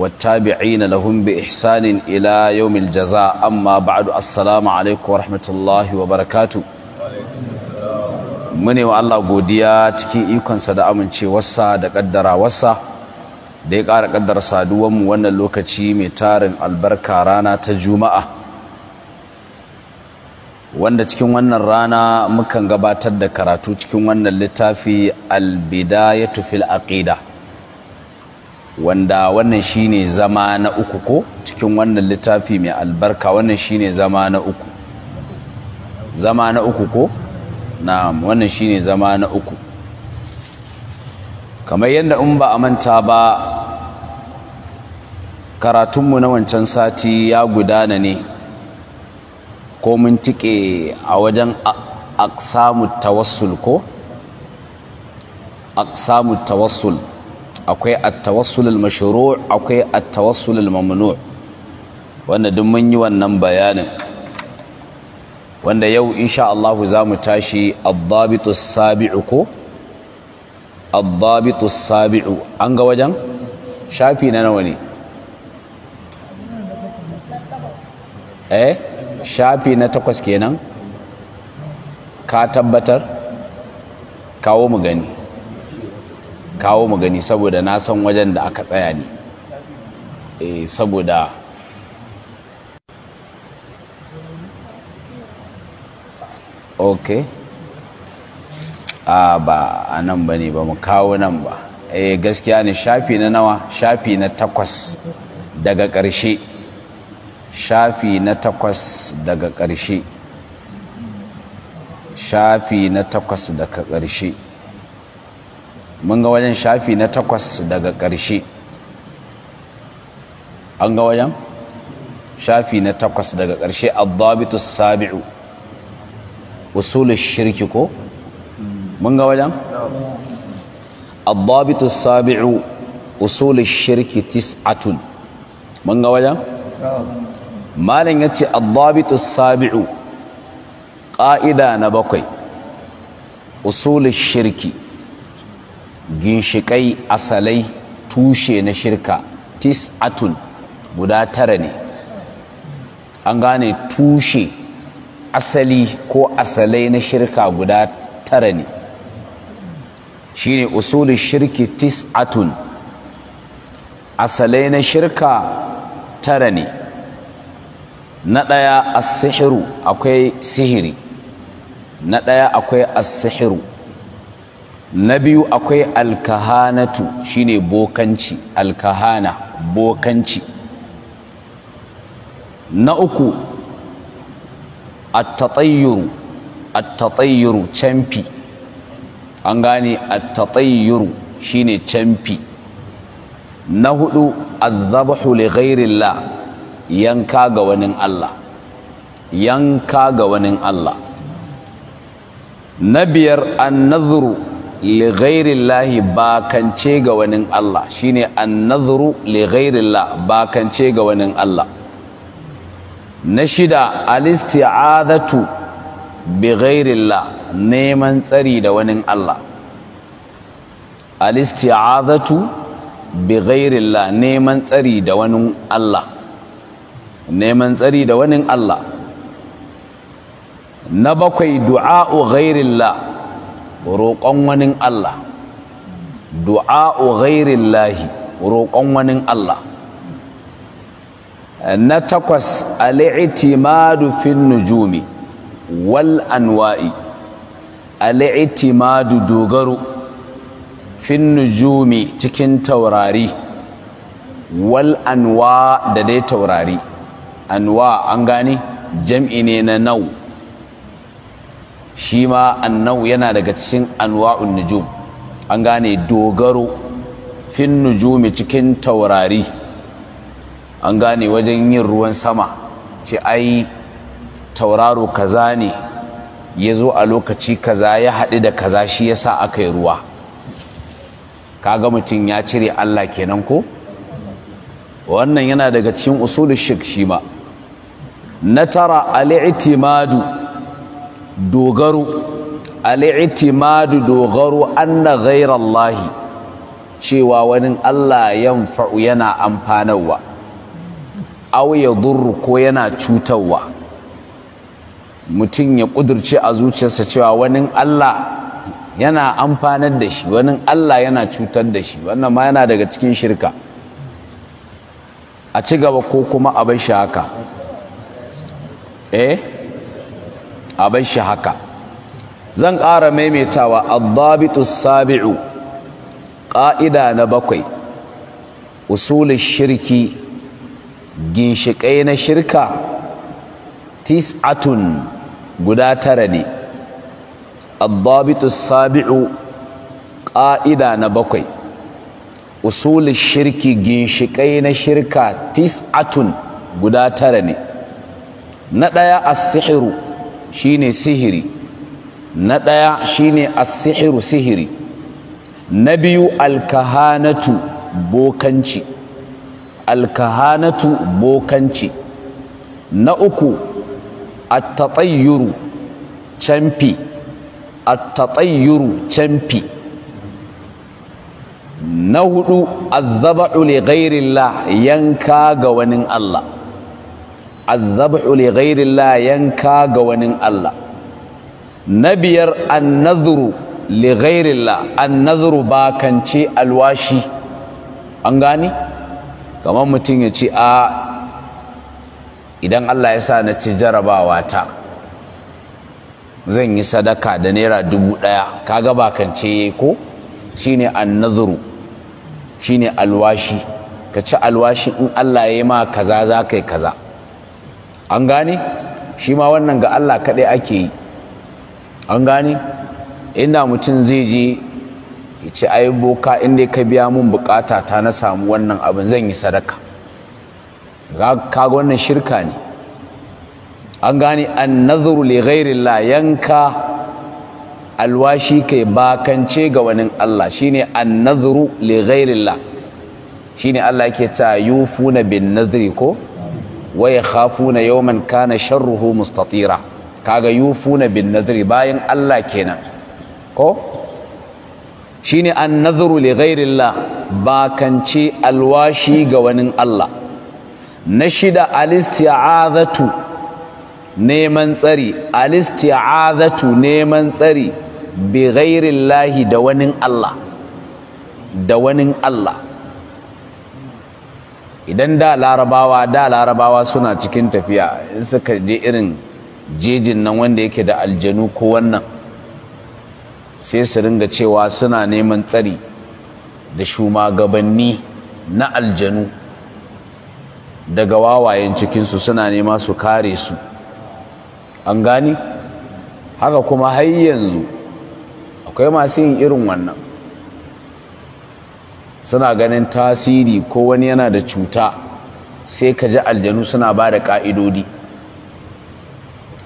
والتابعين لهم بإحسان إلى يوم الجزاء أما بعد السلام عليكم ورحمة الله وبركاته mune wa Allah godiya cikin ikonsa da amincewarsa da kaddarawarsa da ya ƙara kaddar saduwanmu wannan lokaci mai tarin albarka rana ta juma'a wanda cikin wannan rana mukan gabatar da karatu cikin wannan littafi albidayatu fil aqida wanda wannan shine zama na uku ko cikin wannan littafi mai albarka wannan shine zama na uku zama na uku ko na'am wannan shine zama na uku kamar yadda in ba a manta ba karatunmu na wancan sati ya gudana ne ko mun tike a wajen aksamu tawassul ko aksamu tawassul akwai at-tawassul mashru akwai at mamnu wanda duk mun yi wannan bayanin wanda yau insha Allah za mu tashi ad-dabitu as-sabi'u ko ad-dabitu as-sabi'u an ga wajen shafi na nawa ne eh shafi na takwas kenan ka tabbatar kawo mu gani kawo mu gani saboda na san wajen da aka tsaya ne eh saboda okay a ba a nan ba ne ba mu kawo nan ba eh gaskiya ne shafi na nawa shafi na takwas daga ƙarshe shafi na takwas daga ƙarshe shafi na takwas daga ƙarshe mun ga wajen shafi na takwas daga ƙarshe an ga wajen shafi na takwas daga ƙarshe addabitu sabi'u usulul shirki ko mun ga wajen addabitu sabi'u usulul shirki tis'atun mun ga wajen ya ce addabitu sabi'u ƙa'ida na bakwai usulul shirki ginshiƙai asalai tushe na shirka tis atun guda tara ne an gane tushe asali ko asalai na shirka guda tara ne shine usulun shirki atun. asalai na shirka tara ne na ɗaya asihiru akwai sihiri na ɗaya akwai asihiru na biyu akwai alkahanatu shine bokanci alkahana bokanci na uku attatayyuru attatayyuru canfi. an gane attatayyuru shine camfi na hudu azzabahu li ghairillah yanka ga wani Allah yanka ga wani Allah na biyar annadhuru lighairillahi bakance ga wani Allah shi shine annadhru lighairillah bakance ga wani Allah na shida alisti'adatu bighairillah neman tsari da wani Allah alisti'adatu bighairillah neman tsari da wani Allah neman tsari da wani Allah na bakwai du'a'u ghairillah roƙon wani Allah du'a'u lahi roƙon wani Allah na takwas al'itimadu fin nujumi wal anwa'i al'itimadu dogaro fin nujumi cikin taurari wal anwa da dai taurari anwa an gani jam'i ne na nau shi ma annau yana daga cikin anwa'un nujum an gane dogaro fin nujumi cikin taurari an gane wajen yin ruwan sama ce ai tauraro kaza ne ya zo a lokaci kaza ya haɗu da kaza shi ya sa aka yi ruwa kaga mutum ya cire Allah kenan ko wannan yana daga cikin usulun shirk shi ma na tara al dogaro al'itimadu dogaro anna ghairallahi cewa wani Allah yanfa'u yana amfanarwa aw ya durru ko yana cutarwa mutum ya kudurce a zuciyarsa cewa wani Allah yana amfanar da shi wani Allah yana cutar da shi wannan ma yana daga cikin shirka a ci gaba ko kuma abin shi haka eh a bar shi haka zan ƙara maimaitawa addabitu sabi'u ƙa'ida na bakwai usulun shirki ginshiƙai na shirka tis'atun guda tara ne addabitu sabi'u ƙa'ida na bakwai usulun shirki ginshiƙai na shirka tis'atun guda tara ne na ɗaya as-sihiru shine sihiri na ɗaya shine asihiru sihiru sihiri na biyu alkahanatu bokanci alkahanatu bokanci na uku attatayyuru camfi attatayyuru camfi na hudu azzaba'u li ghairillah yanka ga wani Allah azabhu li ghairillah yanka ga wani Allah na biyar annadhuru li ghairillah annadhuru ce alwashi an gani kamar mutum ya ce a idan Allah ya sa na ci jarabawa ta zan yi sadaka da naira dubu ɗaya kaga bakance yayi ko shine annadhuru shine alwashi ka alwashi in Allah ya yi ma kaza za kai kaza an gane shi ma wannan ga Allah kaɗai ake yi an gane inda mutum zai je ya ce ai boka inda ka biya mun bukata ta na samu wannan abin zan yi sadaka kaga wannan shirka ne an gane an nazaru li ghairillah yanka alwashi kai bakance ga wani Allah shine an nazaru li shi shine Allah yake ta yufuna bin nazri ko wa yakhafuna yawman kana sharruhu mustatira kaga yufuna bin nadri bayan Allah kenan ko shine an-nadhru li ghairillah ba kance alwashi ga wani Allah na shida al neman tsari alisti'azatu neman tsari bi ghairillahi da wani Allah da wani Allah idan da larabawa da larabawa suna cikin tafiya in suka je irin jejin nan wanda yake da aljanu ko wannan sai su ringa cewa suna neman tsari da shumagabanni na aljanu daga wawayen cikinsu suna nema su kare su an gani haka kuma har yanzu akwai masu yin irin wannan suna ganin tasiri ko wani yana da cuta sai ka ji aljanu suna ba da ƙa'idodi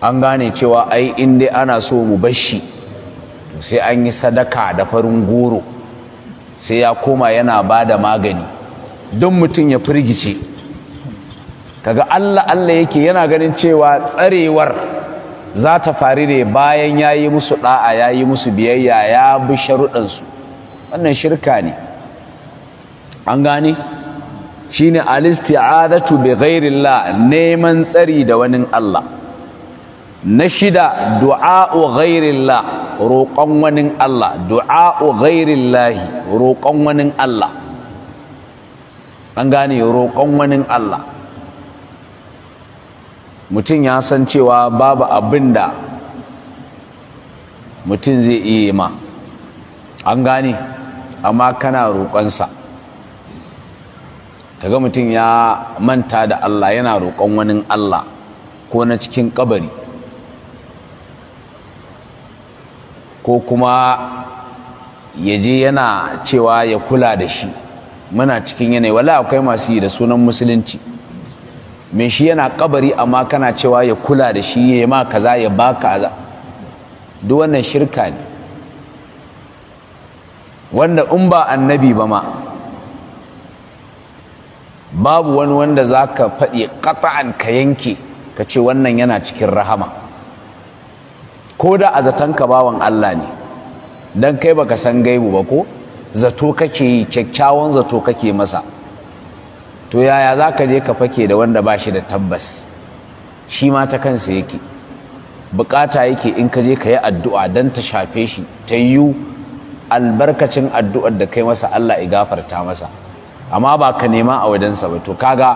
an gane cewa ai in dai ana so mu bashi sai an yi sadaka da farin goro sai ya koma yana ba da magani don mutum ya firgice kaga allah allah yake yana ganin cewa tsarewar za ta faru ne bayan ya yi musu ɗa'a ya yi musu biyayya ya bi sharuɗansu wannan shirka ne an gane shine alisti'adatu gairi la neman tsari da wani Allah na shida du'a'u la roƙon wani Allah du'a'u ghairillahi roƙon wani Allah an gane roƙon wani Allah mutum ya san cewa babu abinda mutum zai iya ma an gane amma kana roƙonsa kaga mutum ya manta da Allah yana roƙon wani Allah ko na cikin kabari ko kuma ya je yana cewa ya kula da shi muna cikin yanayi wala akwai masu yi da sunan musulunci mai shi yana kabari amma kana cewa ya kula da shi ya yi ma kaza ya ba kaza duk wannan shirka ne wanda in ba annabi ba ma babu wani wanda za ka faɗi ƙafa'an ka yanke ka ce wannan yana cikin rahama ko da a zaton ka bawan Allah ne don kai baka san gaibu ba ko zato kake yi kyakkyawan zato kake masa to yaya za ka je ka fake da wanda ba shi da tabbas shi ma ta kansa yake bukata yake in ka je ka yi addu'a don ta shafe shi ta yiwu albarkacin addu'ar da kai masa Allah ya gafarta masa amma ba ka nema a wajensa ba to kaga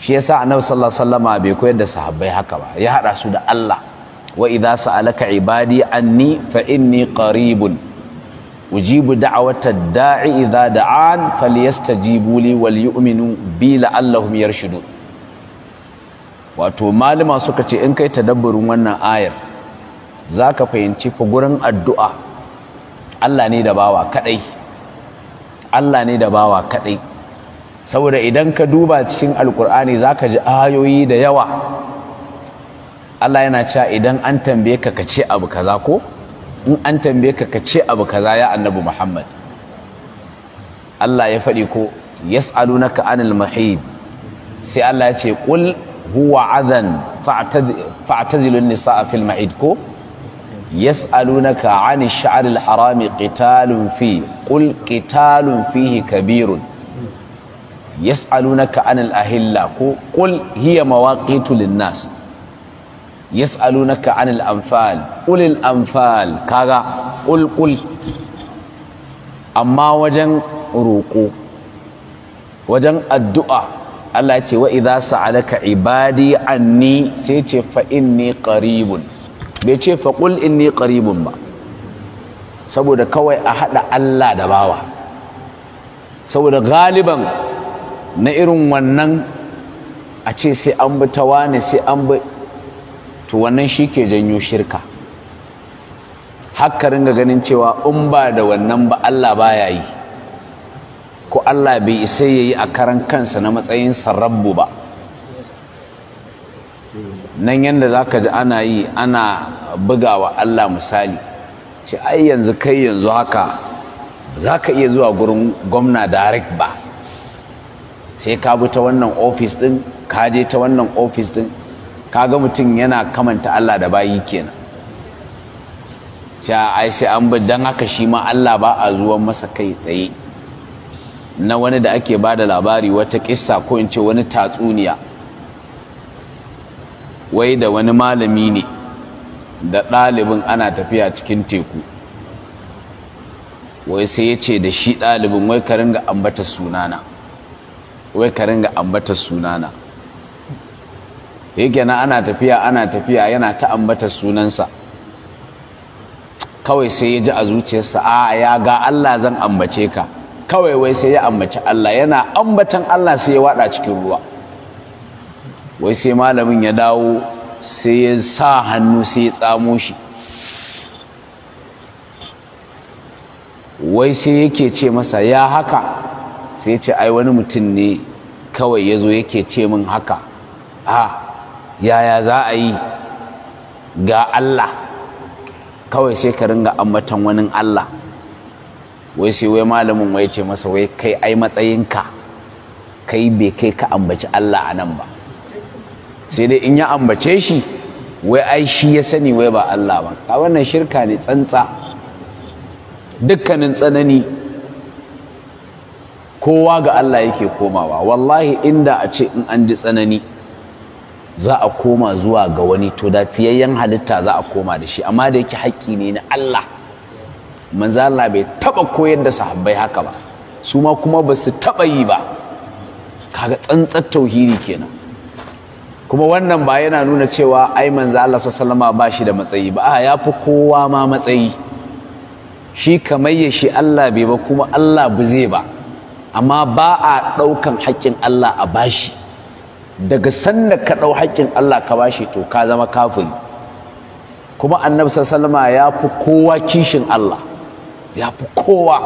shi yasa annabi sallallahu alaihi wasallama bai koyar da sahabbai haka ba ya hada su da Allah wa idza sa'alaka ibadi anni fa inni qaribun ujibu da'wata da'i idza da'an falyastajibu li wal yu'minu bi la'allahum yarshudun wato malama suka ce in kai tadabburin wannan ayar zaka fahimci fa gurin addu'a Allah ne da bawa kadai Allah ne da bawa kadai saboda idan ka duba cikin alkur'ani zaka ji ayoyi da yawa Allah yana cewa idan an tambaye ka kace abu kaza ko in an tambaye ka kace abu kaza ya annabi Muhammad Allah ya faɗi ko yas'alunaka anil mahid sai Allah ya ce qul huwa adhan fa'tazilun nisaa fil ma'id ko yas'alunaka 'ani ash-sha'r al qitalun fi qul qitalun fihi kabirun yas'alunaka 'anil ahilla ko qul hiya mawaqitu lin-nas yas'alunaka 'anil anfal qul al-anfal kaga qul qul amma wajen roƙo wajen addu'a Allah ce wa idza sa'alaka ibadi anni sai ce fa inni qaribun bai ce faƙul ni ƙaribun ba saboda kawai a haɗa Allah da bawa saboda galiban na irin wannan a ce sai an bi ta wane sai an bi to wannan shi ke janyo shirka haka ringa ganin cewa in ba da wannan ba Allah baya yi ko Allah bai isa yi a karan kansa na matsayin sarrabu ba nan yadda za ka ji ana yi ana bugawa Allah misali ce ai yanzu kai yanzu haka za ka iya zuwa gurin gwamna direct ba sai ka bi ta wannan ofis ɗin ka je ta wannan ofis ɗin ka ga mutum yana kamanta Allah da bayi kenan sha ai sai an bi don haka shi ma Allah ba a zuwan masa kai tsaye na wani da ake ba da labari wata kisa ko in ce wani tatsuniya wai da wani malami ne da ɗalibin ana tafiya cikin teku wai sai ya ce da shi ɗalibin wai ka ringa ambata sunana wai ka ringa ambata sunana yake na ana tafiya ana tafiya yana ta ambata sunansa kawai sai ya ji a zuciyarsa a ya ga Allah zan ambace ka kawai wai sai ya ambaci Allah yana ambatan Allah sai ya waɗa cikin ruwa wai sai malamin ya dawo sai ya sa hannu sai ya tsamo shi wai sai yake ce masa ya haka sai ce ai wani mutum ne kawai ya zo yake ce min haka ha, yaya za a yi ga Allah kawai sai ka ringa ambatan wani Allah wai sai wai malamin wai ce masa wai kai ai matsayinka kai bai kai ka ambaci Allah a nan ba sai dai in ya ambace shi wai ai shi ya sani wai ba Allah ba ka wannan shirka ne tsantsa dukkanin tsanani kowa ga Allah yake komawa wallahi inda a ce in an ji tsanani za a koma zuwa ga wani to da fiyayyen halitta za a koma da shi amma da yake haƙƙi ne na Allah manzo Allah bai taba koyar da sahabbai haka ba su ma kuma ba su taba yi ba kaga tsantsar tauhidi kenan kuma wannan ba yana nuna cewa ai manzo Allah sallallahu ba shi da matsayi ba a yafi kowa ma matsayi shi kamar ya shi Allah bai ba kuma Allah ba zai ba amma ba a ɗaukan haƙƙin Allah a bashi daga sanda ka ɗau haƙƙin Allah ka bashi to ka zama kafiri kuma annabi sallallahu ya fi kowa kishin Allah yafi kowa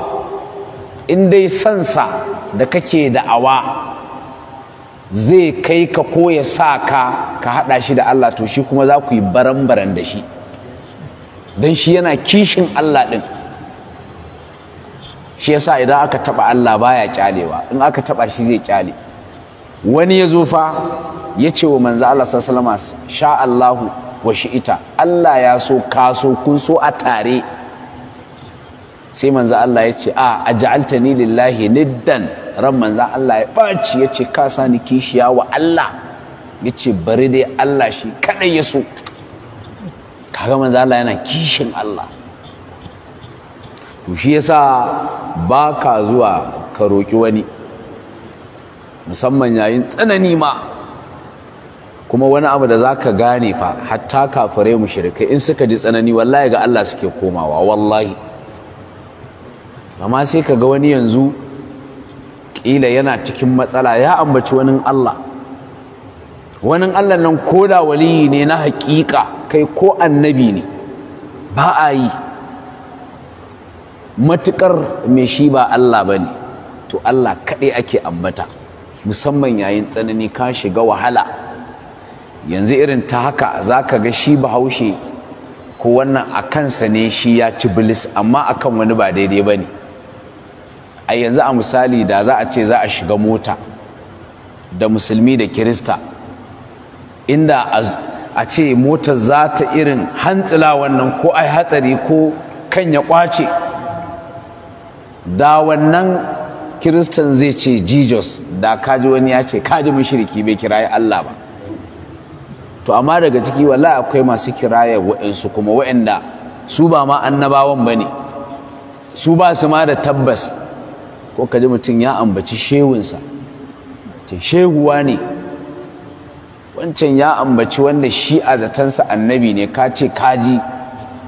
in dai sansa da kake da'awa zai kai ka ko ya sa ka ka haɗa shi da Allah to shi kuma za ku yi baran-baran da shi don shi yana kishin Allah ɗin shi ya sa idan aka taɓa Allah baya kyalewa in aka taɓa shi zai kyale wani ya zo fa ya ce wa manzo Allah sallallahu alaihi wasallam sha Allahu wa shi'ita Allah ya so ka so kun so a tare sai manzan Allah ya ce a ni lillahi niddan ran manza Allah ya baci ya ce ka ni kishiya wa Allah ya ce bari dai Allah shi kadai ya so kaga manza Allah yana kishin Allah to shi yasa ba ka zuwa ka roki wani musamman yayin tsanani ma kuma wani abu da za ka gane fa hatta kafirai mushrikai in suka ji tsanani wallahi ga Allah suke komawa wallahi amma sai ka ga wani yanzu ƙila yana cikin matsala ya ambaci wani Allah wani Allah nan ko da waliyi ne na haƙiƙa kai ko annabi ne ba a yi matuƙar mai shi ba Allah ba ne to Allah kaɗai ake ambata musamman yayin tsanani ka shiga wahala yanzu irin ta haka za ka ga shi bahaushe ko wannan a kansa ne shi ya ci bilis amma akan wani ba daidai ba ne a yanzu a misali da za a ce za a shiga mota da musulmi da kirista inda a ce mota za ta irin hantsila wannan ko ai hatsari ko kan ya kwace da wannan kiristan zai ce jesus da kaji wani ya ce kaji mashiriki bai kiraye allah ba to amma daga ciki wala akwai masu kiraye wa'insu kuma wa'inda su ba ma annabawan ba ne su ba su ma da tabbas ko ka ji mutum ya ambaci shehunsa ce shehuwa ne wancan ya ambaci wanda shi a zatansa annabi ne ka ce kaji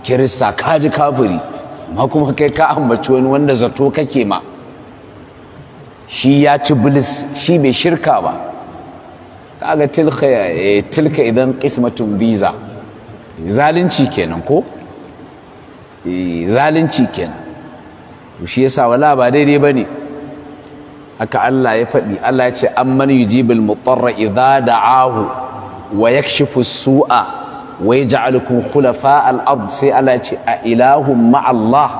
kirista kaji kafiri amma kuma kai ka ambaci wani wanda zato kake ma shi ya ci bilis shi bai shirka ba kaga tilka eh, tilka idan qismatun biza eh, zalunci kenan ko eh, zalunci kenan shi yasa wala ba daidai bane haka Allah ya faɗi Allah ya ce amman yujibul mutarra idza da'ahu wa yakshifu su'a wa yaj'alukum khulafa al-ard sai Allah ya ce a ilahum ma'allah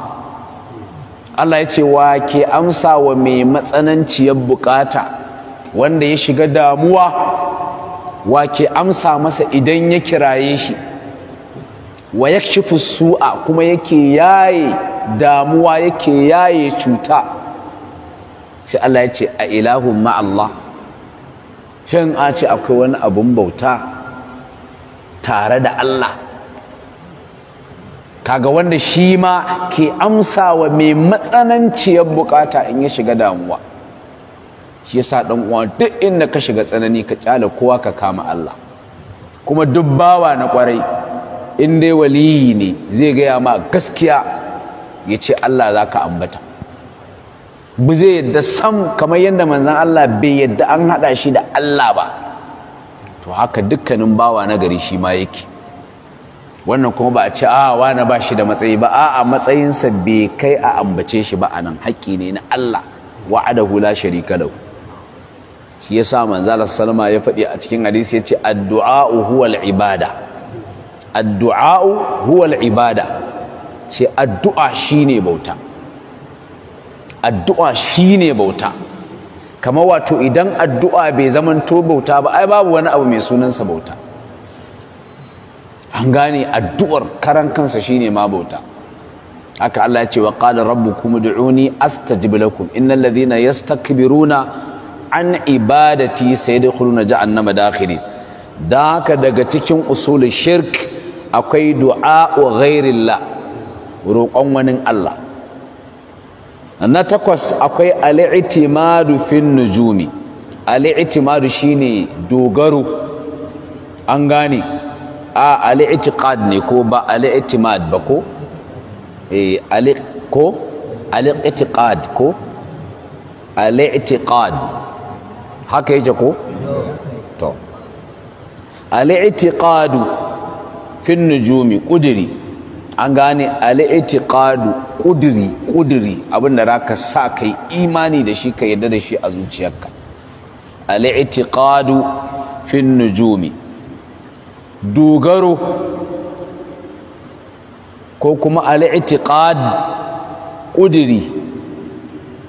Allah Allah ya ce wa ke amsa wa mai matsananciyar bukata wanda ya shiga damuwa wa ke amsa masa idan ya kiraye shi wa yakshifu su'a kuma yake yaye damuwa yake yaye cuta sai Allah ya ce a ilahun ma'allah shin a ce akwai wani abun bauta tare da Allah kaga wanda shi ma ke amsawa mai matsananciyar bukata in ya shiga damuwa shi yasa ɗan uwa duk inda ka shiga tsanani ka kyale kowa ka kama Allah kuma dubbawa na kwarai in dai waliyi ne zai gaya ma gaskiya ya ce Allah za ka ambata bu zai yadda sam kamar yadda manzan Allah bai yadda an haɗa shi da Allah ba to haka dukkanin bawa na gari shi ma yake wannan kuma ba a ce a ah, wani ba shi da matsayi ba a a matsayinsa bai kai a ambace shi ba a nan haƙƙi ne na Allah wa'adahu hula sharika lahu shi yasa manzala salama ya faɗi a cikin hadisi ya ce addu'a huwal ibada addu'a'u huwal ibada ce addu'a ne bauta addu'a shine bauta kamar wato idan addu'a bai zamanto bauta ba ai babu wani abu mai sunansa bauta an gane addu'ar karan kansa shine ma bauta haka Allah ya ce wa qala rabbukum ud'uni astajib na innal ladhina yastakbiruna an ibadati ji jahannama dakhirin da haka daga cikin usulul shirk akwai du'a wa ghairillah roƙon wani Allah na takwas akwai al'itimadu fin nujumi al'itimadu shine dogaro an gane a al'itiqad ne ko ba al'itimad ba ko eh ali ko al'itiqad ko al'itiqad haka yake ko to al'itiqadu fin nujumi kudiri an gane al'itiqadu ƙuduri ƙuduri abinda zaka sa kai imani da shi ka yarda da shi a zuciyarka al'itiqadu fin nujumi dogaro ko kuma al'itiqad ƙuduri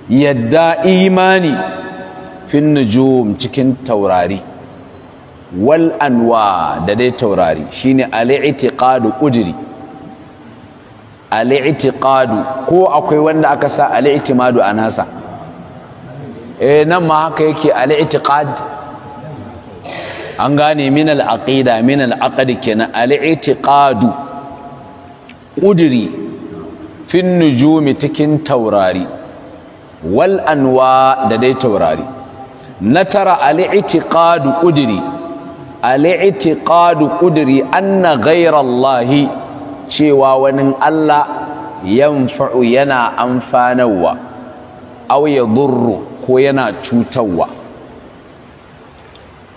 yadda imani fin nujum cikin taurari wal anwa da dai taurari shine al'itiqadu ƙuduri al'itiqadu ko akwai wanda aka sa al'itimadu a nasa eh nan ma haka yake al'itiqad an gane min al'aqida min al'aqd kenan al'itiqadu qudri fin nujumi cikin taurari wal anwa da dai taurari na tara al'itiqadu qudri al'itiqadu qudri anna ghayra allahi cewa wani Allah fa’u yana amfanarwa au ya yadurru ko yana cutarwa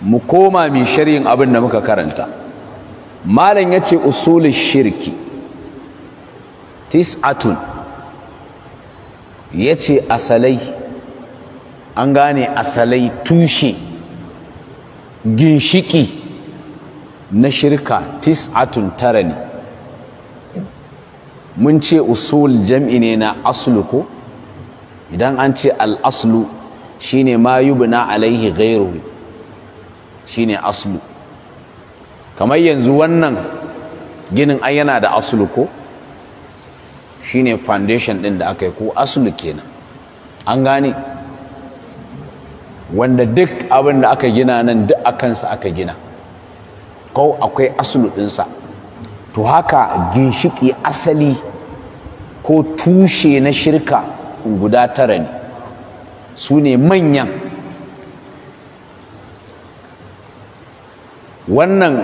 mu koma min shirin abin da muka karanta malam ce Usulun shirki tis'atun yace asalai an gane asalai tushe ginshiki na shirka tis'atun tara ne mun ce usul jam'i ne na aslu ko idan an ce al'aslu shine ma yubna alaihi ghairu shine aslu kamar yanzu wannan ginin ai yana da aslu ko shine foundation din da aka yi ko aslu kenan an gane wanda duk abin da aka gina nan duk akansa aka gina ko akwai aslu dinsa to haka ginshiki asali ko tushe na shirka guda tara ne su ne manyan wannan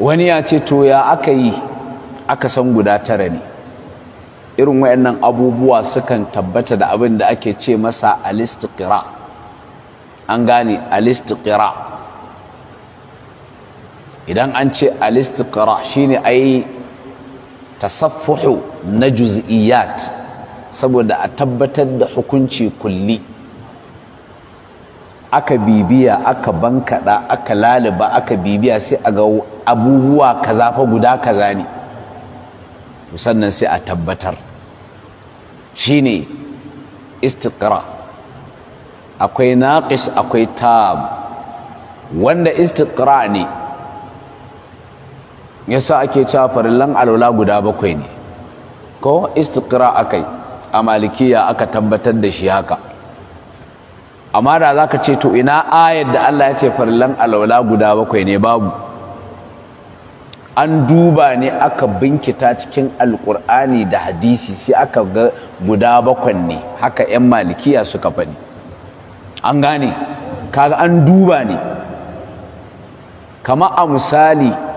wani ya ce to ya aka yi aka san guda tara ne irin wayannan abubuwa sukan tabbata da abin da ake ce masa alistikira an gane alistikira idan an ce alistiqra shine yi tasaffuhu na juz'iyat saboda a tabbatar da hukunci kulli aka bibiya aka bankada aka laliba aka bibiya sai a ga abubuwa kaza fa guda kaza ne to sannan sai a tabbatar shine istiqra akwai naqis akwai tab wanda istiqra ne Ya yasa ake cewa farillan alwala guda bakwai ne ko istiqra akai a malikiya aka tabbatar da shi haka amma da zaka ce to ina ayar da Allah ya ce farillan alwala guda bakwai ne babu an duba ne aka binkita cikin alkur'ani da hadisi sai aka ga guda bakwai ne haka 'yan malikiya suka faɗi an gane kaga an duba ne kama a misali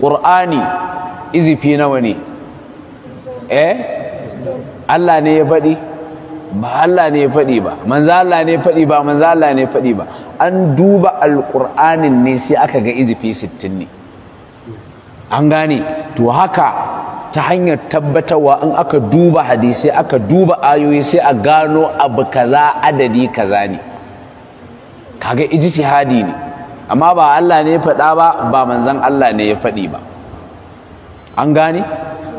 ƙur'ani izifi nawa ne eh Allah ne ya faɗi ba Allah ne ya faɗi ba manzo Allah ne ya faɗi ba manzo Allah ne ya faɗi ba an duba alƙur'anin ne sai aka ga izifi 60 ne an gane to haka ta hanyar tabbatarwa in aka duba hadisai aka duba ayoyi sai a gano abu kaza adadi kaza ne kaga ijtihadi ne amma ba Allah ne ya faɗa ba ba manzan Allah ne ya faɗi ba an gane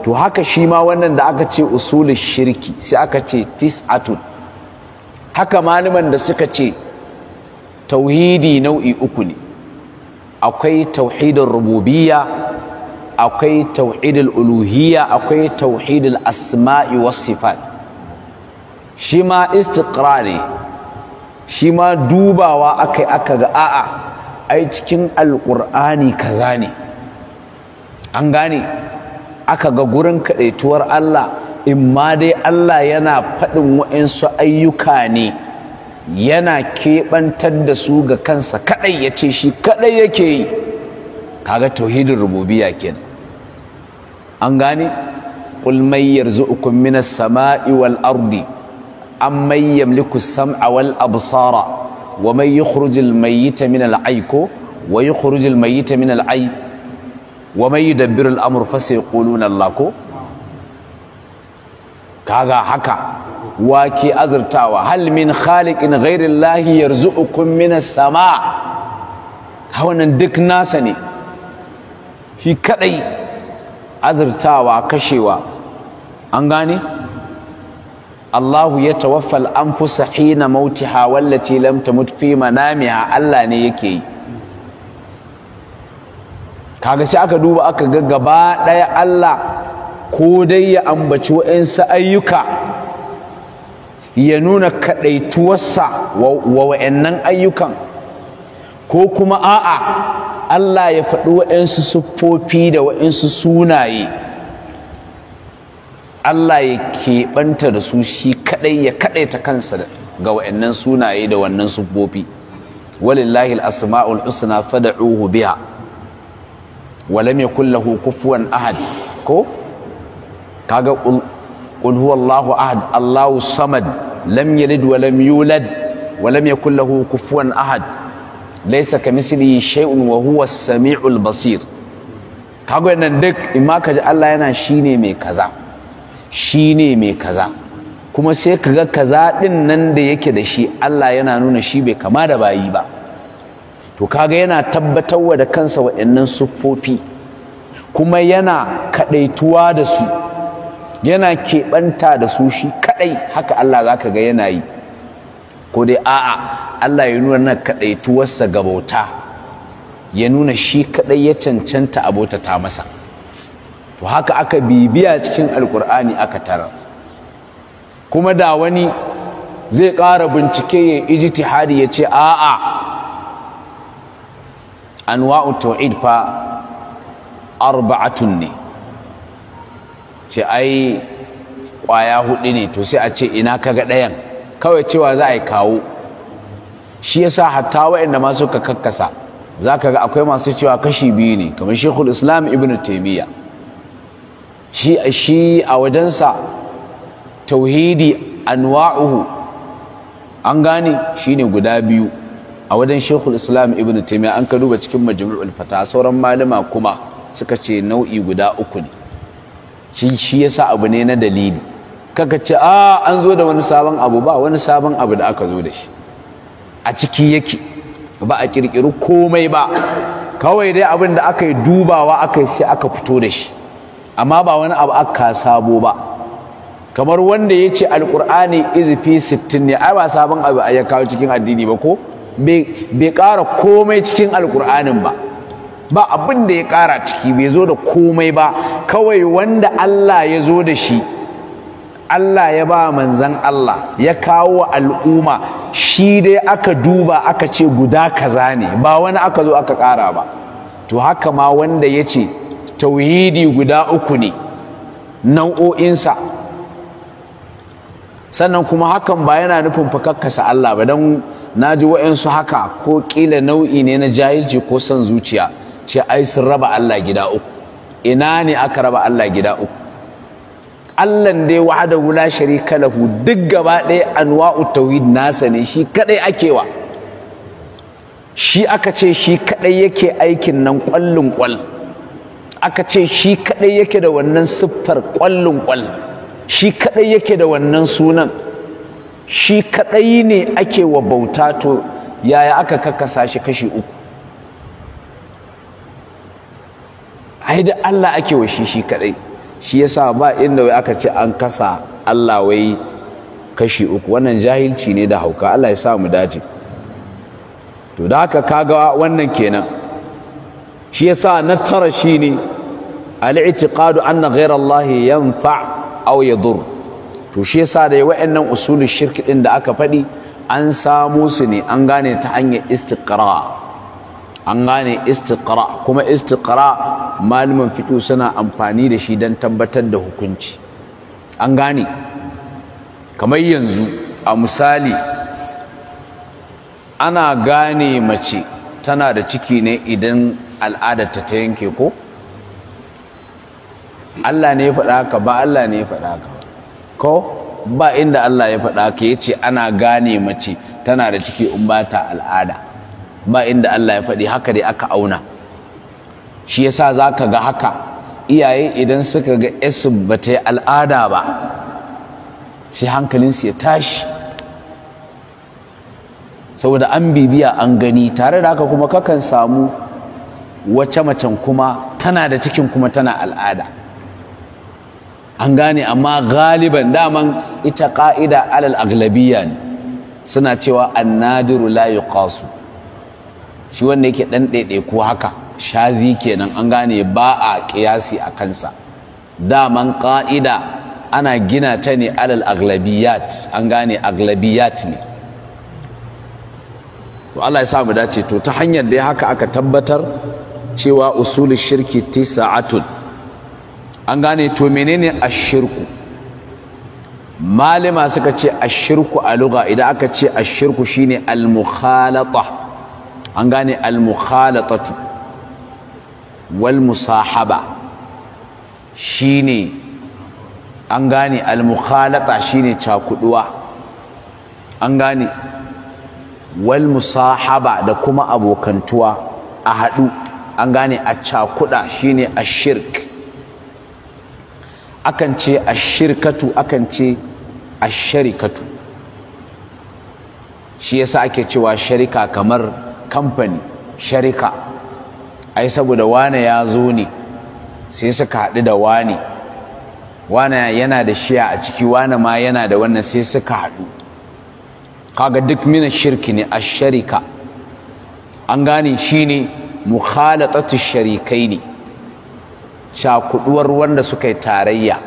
to haka shi ma wannan da aka ce usulul shirki sai aka ce tis'atun haka malaman da suka ce tauhidi nau'i uku ne akwai tauhidin rububiyya akwai tauhidin uluhiyya akwai tauhidin asma'i was sifat shi ma istiqra ne shi ma dubawa akai aka ga a'a ai cikin alƙur'ani kaza ne an gane aka ga gurin kaɗaituwar Allah in ma dai Allah yana faɗin wa'insu ayyuka ne yana keɓantar da su ga kansa kaɗai ya ce shi kaɗai yake yi kaga tauhidin rububiya kenan an gane qul man yarzuqukum minas sama'i wal ardi amman yamliku as-sam'a wal absara wa mai yukhrujul mayyita min al-hayy ko wa yi yukhrujul mayyita min al-hayy wa mai yudabbiru al-amr fa na Allah ko kaga haka wa ke azurtawa hal min khaliqin ghairillahi yarzuqukum minas sama wannan duk nasa ne shi kadai azurtawa kashewa an gane Allahu ya tawaffal anfusa hina mautiha wallati lam tamut fi manamiha Allah ne yake yi kaga sai aka duba aka ga gaba daya Allah ko dai ya ambaci wa'ansu ayyuka ya nuna kadaituwarsa wa wa'annan ayyukan ko kuma a'a Allah ya faɗi wayansu siffofi da wayansu sunaye Allah ya keɓanta da su shi kaɗai ya ta kansa ga wa'annan sunaye da wannan siffofi walillahi lahil asmaul husna fad'uhu biha wa lam yakul kufuwan ahad ko kaga qul lahu ahad Allahu samad lam yalid wa lam yulad wa lam yakul ahad? kufuwan ahad ka kamithlihi shay'un wa huwa samiul basir kaga wannan duk imma ji Allah yana shine mai kaza shi ne mai kaza kuma sai kaga kaza ɗin nan da yake da shi Allah yana nuna shi bai kama da bayi ba to kaga yana tabbatarwa da kansa waɗannan siffofi kuma yana kaɗaituwa da su yana keɓanta da su shi kaɗai haka Allah za ka ga yana yi ko dai a'a Allah ya nuna na kaɗaituwarsa ga bauta ya nuna shi kaɗai ya cancanta abota ta masa to haka aka bibiya cikin alkur'ani aka tara kuma da wani zai ƙara bincike ya ijtihadi ya ce a'a anwa'u tauhid fa arba'atun ne ce ai kwaya hudu ne to sai a ce ina kaga ɗayan kawai cewa za a yi kawo shi yasa hatta waɗanda ma suka kakkasa za ka ga akwai masu cewa kashi biyu ne kamar shekul islam ibn taimiyya shi a shi a wajensa tauhidi anwa'uhu an gane shine guda biyu a wajen shekul islam ibn taimiyya an ka duba cikin majami'ul fata sauran malama kuma suka ce nau'i guda uku ne shi shi sa abu ne na dalili kaka ce a an zo da wani sabon abu ba wani sabon abu da aka zo da shi a ciki yake ba a ƙirƙiri komai ba kawai dai abin da aka yi dubawa aka yi sai aka fito da shi amma ba wani abu aka sabo ba kamar wanda ya ce alƙur'ani izifi sittin ne ai ba sabon abu ya kawo cikin addini ba ko bai ƙara komai cikin alƙur'anin ba ba abin da ya ƙara ciki bai zo da komai ba kawai wanda Allah ya zo da shi Allah ya ba manzan Allah ya kawo wa al'umma shi dai aka duba aka ce guda kaza ne ba wani aka zo aka ƙara ba to haka ma wanda ya ce tauhidi guda uku ne nau'o'insa sannan kuma hakan ba yana nufin fakakkasa Allah ba don na ji wa'insu haka ko ƙila nau'i ne na jahilci ko son zuciya ce ai sun raba Allah gida uku ina ne aka raba Allah gida uku Allahn dai wahada wula sharika lahu duk gaba ɗaya anwa'u tauhid nasa ne shi kadai akewa shi aka ce shi kadai yake aikin nan kwallon kwal aka ce shi kadai yake da wannan siffar kwallon kwal shi kadai yake da wannan sunan shi kadai ne ake wa bauta to yaya aka kakkasa shi kashi uku ai da Allah ake wa shi shi kadai shi yasa ba inda wai aka ce an kasa Allah wai kashi uku wannan jahilci ne da hauka Allah ya sa mu dace to da haka kaga wannan kenan shi yasa na tara shi ne al an anna gairar Allah yanfa aw dur to shi yasa da wayannan usulun shirki ɗin da aka faɗi an samu su ne an gane ta hanyar istikara an gane istikara kuma istikara malaman fito suna amfani da shi don tabbatar da hukunci an gane kamar yanzu a misali ana gane mace tana da ciki ne idan al'adarta ta yanke ko Allah ne ya faɗa ka ba Allah ne ya faɗa ka ko ba inda Allah ya faɗa ka ya ce ana gane mace tana da ciki in ba ta al'ada ba inda Allah ya faɗi haka dai aka auna shi ya sa za ka ga haka iyaye idan suka ga yasu ba ta yi al'ada ba sai hankalinsu ya tashi saboda an bibiya an gani tare da haka kuma kakan samu wace macen kuma tana da cikin kuma tana al'ada an gane amma galiban daman ita ƙa'ida alal aglabiya ne suna cewa annadiru la yuqasu shi wanda yake ɗan ko haka shazi kenan an gane ba a ƙiyasi a kansa daman ƙa'ida ana gina ta ne alal aglabiyat an gane aglabiyat ne to Allah ya sa mu dace to ta hanyar da haka aka tabbatar cewa usulul shirki tisa'atun an gane to menene ashirku malama suka ce ashirku a lugha idan aka ce ashirku shine al-mukhalata an gane al-mukhalatatu wal musahaba shine an gane al-mukhalata shine cakuduwa an gane wal musahaba da kuma abokantuwa a haɗu an gane a cakuɗa shine shirk akan ce a shirkatu akan ce a asharikatu shi yasa ake cewa sharika kamar kamfani sharika ai saboda wane ya zo ne sai suka haɗu da wane wane yana da shiya a ciki wane ma yana da wannan sai suka haɗu kaga duk mina shirki ne a asharika an gane shi ne mukhalatatu sharikaini cakuduwar wanda suka yi tarayya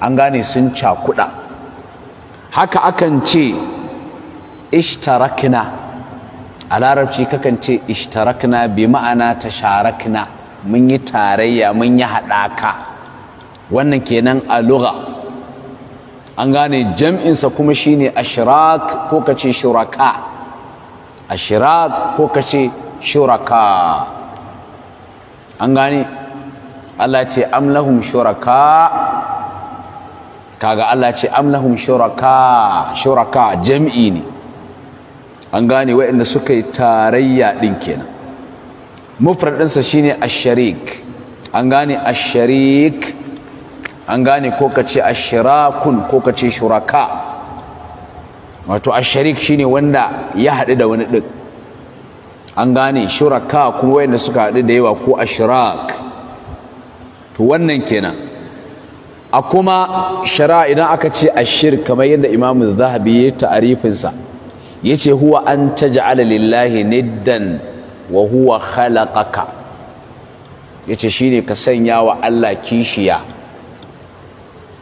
an gane sun cakuda haka akan ce ishtarakna a larabci kakan ce ishtarakna bi ma'ana tasharakna mun yi tarayya mun yi haɗaka wannan kenan a lugha an gane jam'insa kuma shine ashrak ko kace shuraka ashrak ko kace shuraka an gane Allah ce amlahum shuraka kaga Allah ce amlahum shuraka shuraka jam'i ne an gane waɗanda suka yi tarayya din kenan mufrad ɗinsa shine ash-sharik an gane ash-sharik an gane ko kace ash-shirakun ko kace shuraka wato ash-sharik shine wanda ya haɗu da wani ɗin an gane shuraka kuma wayanda suka haɗu da yawa ko ashrak to wannan kenan a kuma shara idan aka ce ashir kamar yadda imamu zahabi ya ta'arifinsa ya ce huwa an taj'ala lillahi niddan wa huwa khalaqaka ya ce shi ne ka sanya wa Allah kishiya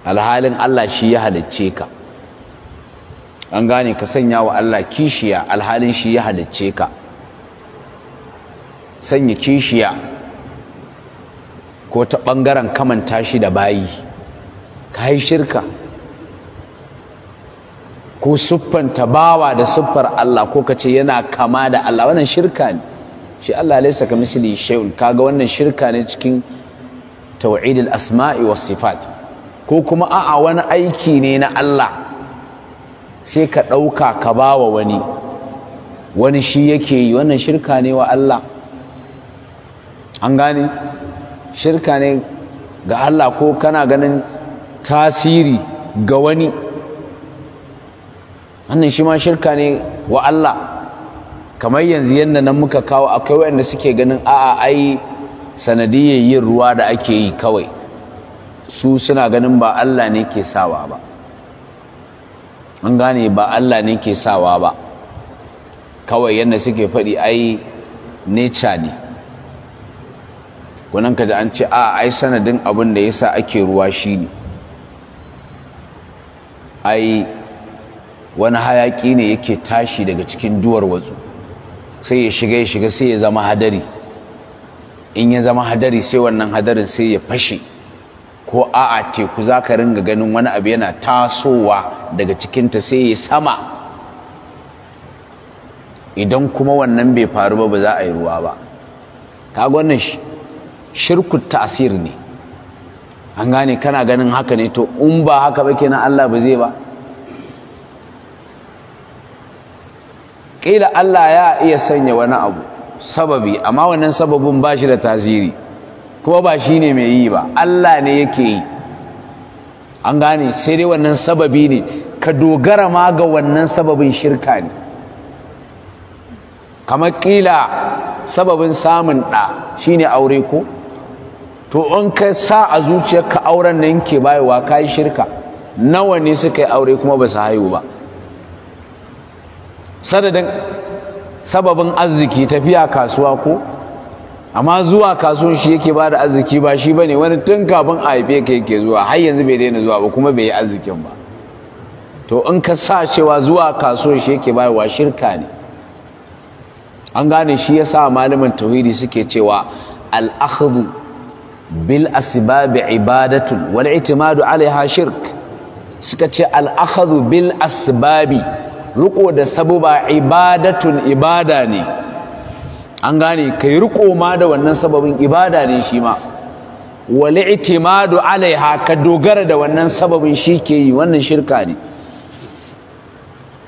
alhalin Allah shi ya halicce ka an gane ka sanya wa Allah kishiya alhalin shi ya halicce ka sanya kishiya ko ta ɓangaren kamanta shi da bayi ka yi shirka ko siffanta bawa da siffar Allah ko ka ce yana kama da Allah wannan shirka ne shi Allah laisa ka misali shay'un kaga wannan shirka ne cikin tauhidul asma'i was sifat ko kuma a'a wani aiki ne na Allah sai ka ɗauka ka bawa wani wani shi yake yi wannan shirka ne wa Allah an gane shirka ne ga Allah ko kana ganin tasiri ga wani wannan shi ma shirka ne wa Allah kamar yanzu yadda nan muka kawo akwai wanda suke ganin a'a ai sanadiyar yin ruwa da ake yi kawai su suna ganin ba Allah ne ke sawa ba an gane ba Allah ne ke sawa ba kawai yadda suke faɗi ai nature ne kunan ka da an ce a ai sanadin abin da ya sa ake ruwa shine ai wani hayaki ne yake tashi daga cikin duwar watsu sai ya shiga ya shiga sai ya zama hadari in ya zama hadari sai wannan hadarin sai ya fashe ko a'a teku za ka ringa ganin wani abu yana tasowa daga cikinta sai ya sama idan kuma wannan bai faru ba ba za a yi ruwa ba ka wannan shi Shirkut ta'asir ne an gane kana ganin haka ne to in ba haka ba kenan Allah ba zai ba kila Allah ya iya sanya wani abu sababi amma wannan sababin ba shi da tasiri kuma ba shi ne mai yi ba Allah ne yake yi an gane sai dai wannan sababi ne ka dogara ma ga wannan sababin shirka ne kamar kila sababin samun ɗa shine aure ko to in ka sa a zuciyarka auren nan ke bayowa ka yi shirka nawa ne suka yi aure kuma ba su haihu ba sadadin sababin arziki tafiya kasuwa ko amma zuwa kasuwan shi yake ba da arziki ba shi ba ne wani tun kafin a haife ka yake zuwa har yanzu bai daina zuwa ba kuma bai yi arzikin ba to in ka sa cewa zuwa kasuwan shi yake bayuwa, shirka ne an gane shi ya sa malamin tauhidi suke cewa al'akhdu bil asbab ibadatun wal i'timadu alaiha shirk suka ce al akhadhu bil asbabi riko da sabuba ibadatun ibada ne an gane kai riko ma da wannan sababin ibada ne shi ma wal i'timadu alaiha ka dogara da wannan sababin shi ke yi wannan shirka ne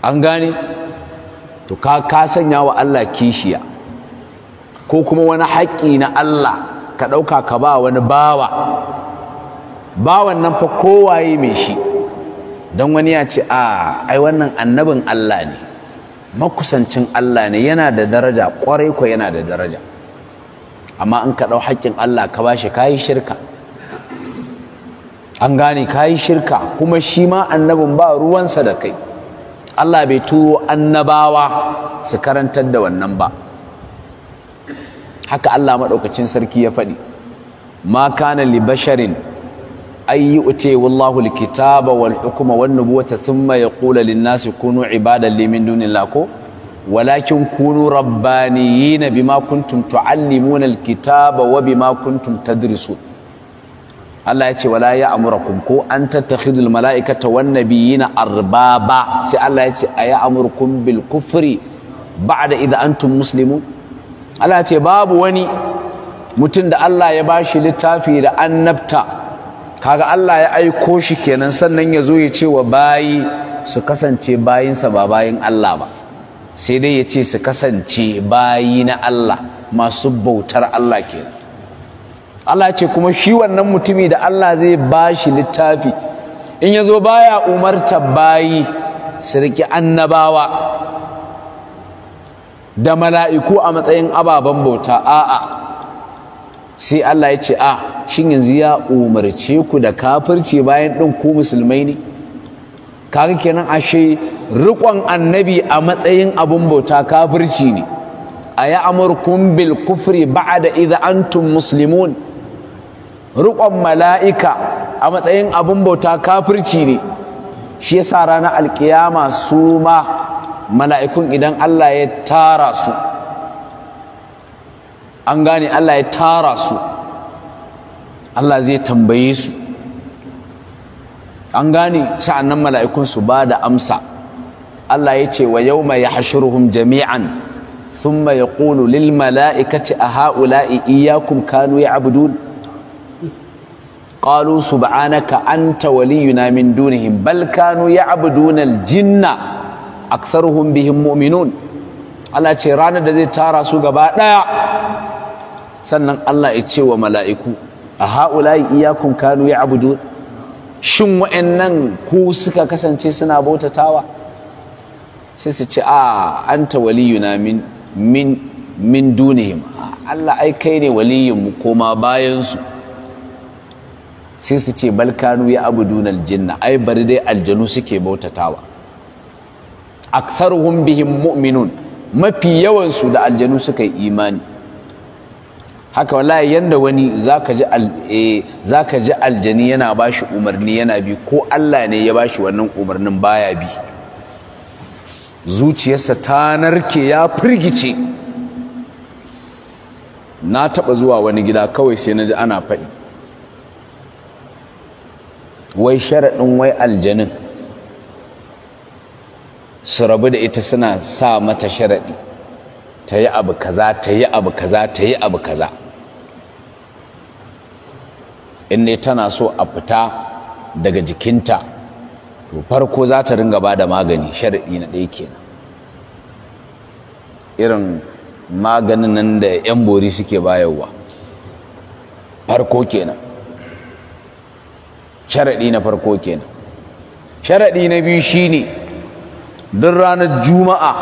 an gane to ka ka sanya wa Allah kishiya ko kuma wani haƙƙi na Allah ka ɗauka ka ba wani bawa bawan nan fa kowaye mai shi don wani ya ce a ah, ai wannan annabin Allah ne makusancin Allah ne yana da daraja kwarai ko yana da daraja amma in ka ɗau haƙƙin Allah ka ba shi kayi shirka an gane kayi shirka kuma shi ma annabin ba ruwansa da kai Allah bai tuwo annabawa su karantar da wannan ba haka Allah maɗaukacin sarki ya faɗi ma kana li basharin ay yu'ti wallahu alkitaba wal hukma wan nubuwata thumma yaqulu lin nasi kunu ibadan li min dunillahi ko walakin kunu rabbaniyina bima kuntum tuallimuna alkitaba wa bima kuntum tadrisun Allah ya ce wala ya ko an tattakhidul mala'ikata wan nabiyina arbaba sai Allah ya ce aya bil kufri ba'da idza antum muslimun Allah ce babu wani mutum da Allah ya bashi littafi da annabta kaga Allah ya aiko shi kenan sannan ya zo ya ce wa bayi su kasance bayinsa ba bayin Allah ba sai dai ya ce su kasance bayi na Allah masu bautar Allah kenan Allah ce kuma shi wannan mutumi da Allah zai bashi littafi in ya zo baya umarta bayi su annabawa da mala'iku a matsayin ababen bauta a'a sai Allah ya ce a shin yanzu ya umarce ku da kafirce bayan ɗin ku musulmai ne kaga kenan ashe riƙon annabi a matsayin abin bauta kafirci ne a ya amurkun bil kufri da idza antum musulmun. riƙon mala'ika a matsayin abin bauta kafirci ne shi yasa ranar alkiyama su ma mala'ikun idan Allah ya tara su an gane Allah ya tara su Allah zai tambaye su an gane sa'annan mala'ikun su ba da amsa Allah ya ce wa yau mai ya hashiruhun jami'an sun mai ya ƙulu lil mala'ikaci a ha'ula'i iyakun kanu ya abudun قالوا سبحانك أنت ولينا من دونهم بل ya يعبدون الجن aksaruhum bihim mu'minun Allah ce ranar da zai tara su gaba daya sannan Allah ya ce wa mala'iku a ha'ula'i iyakun kanu ya abudu shin wa'annan ku suka kasance suna bautatawa sai su ce a anta waliyuna min min min dunihim Allah ai kai ne mu koma bayansu sai su ce bal kanu ya abudun jinna ai bari dai aljanu suke bautatawa aktharuhum bihim mu'minun mafi yawan su da aljanu suka yi imani haka wallahi yanda wani zaka ji eh, ji aljani yana bashi umarni yana bi ko Allah ne ya bashi wannan umarnin baya bi zuciyarsa ta narke ya firgice na taba zuwa wani gida kawai sai na ji ana faɗi wai sharaɗin wai aljanin su rabu da ita suna sa mata sharaɗi ta yi abu kaza ta yi abu kaza ta yi abu kaza in ne tana so a fita daga jikinta to farko za ta ringa ba da magani sharaɗi na ɗaya kenan irin maganin nan da 'yan bori suke bayarwa farko kenan sharaɗi na farko kenan sharaɗi na biyu shine ne duk ranar juma'a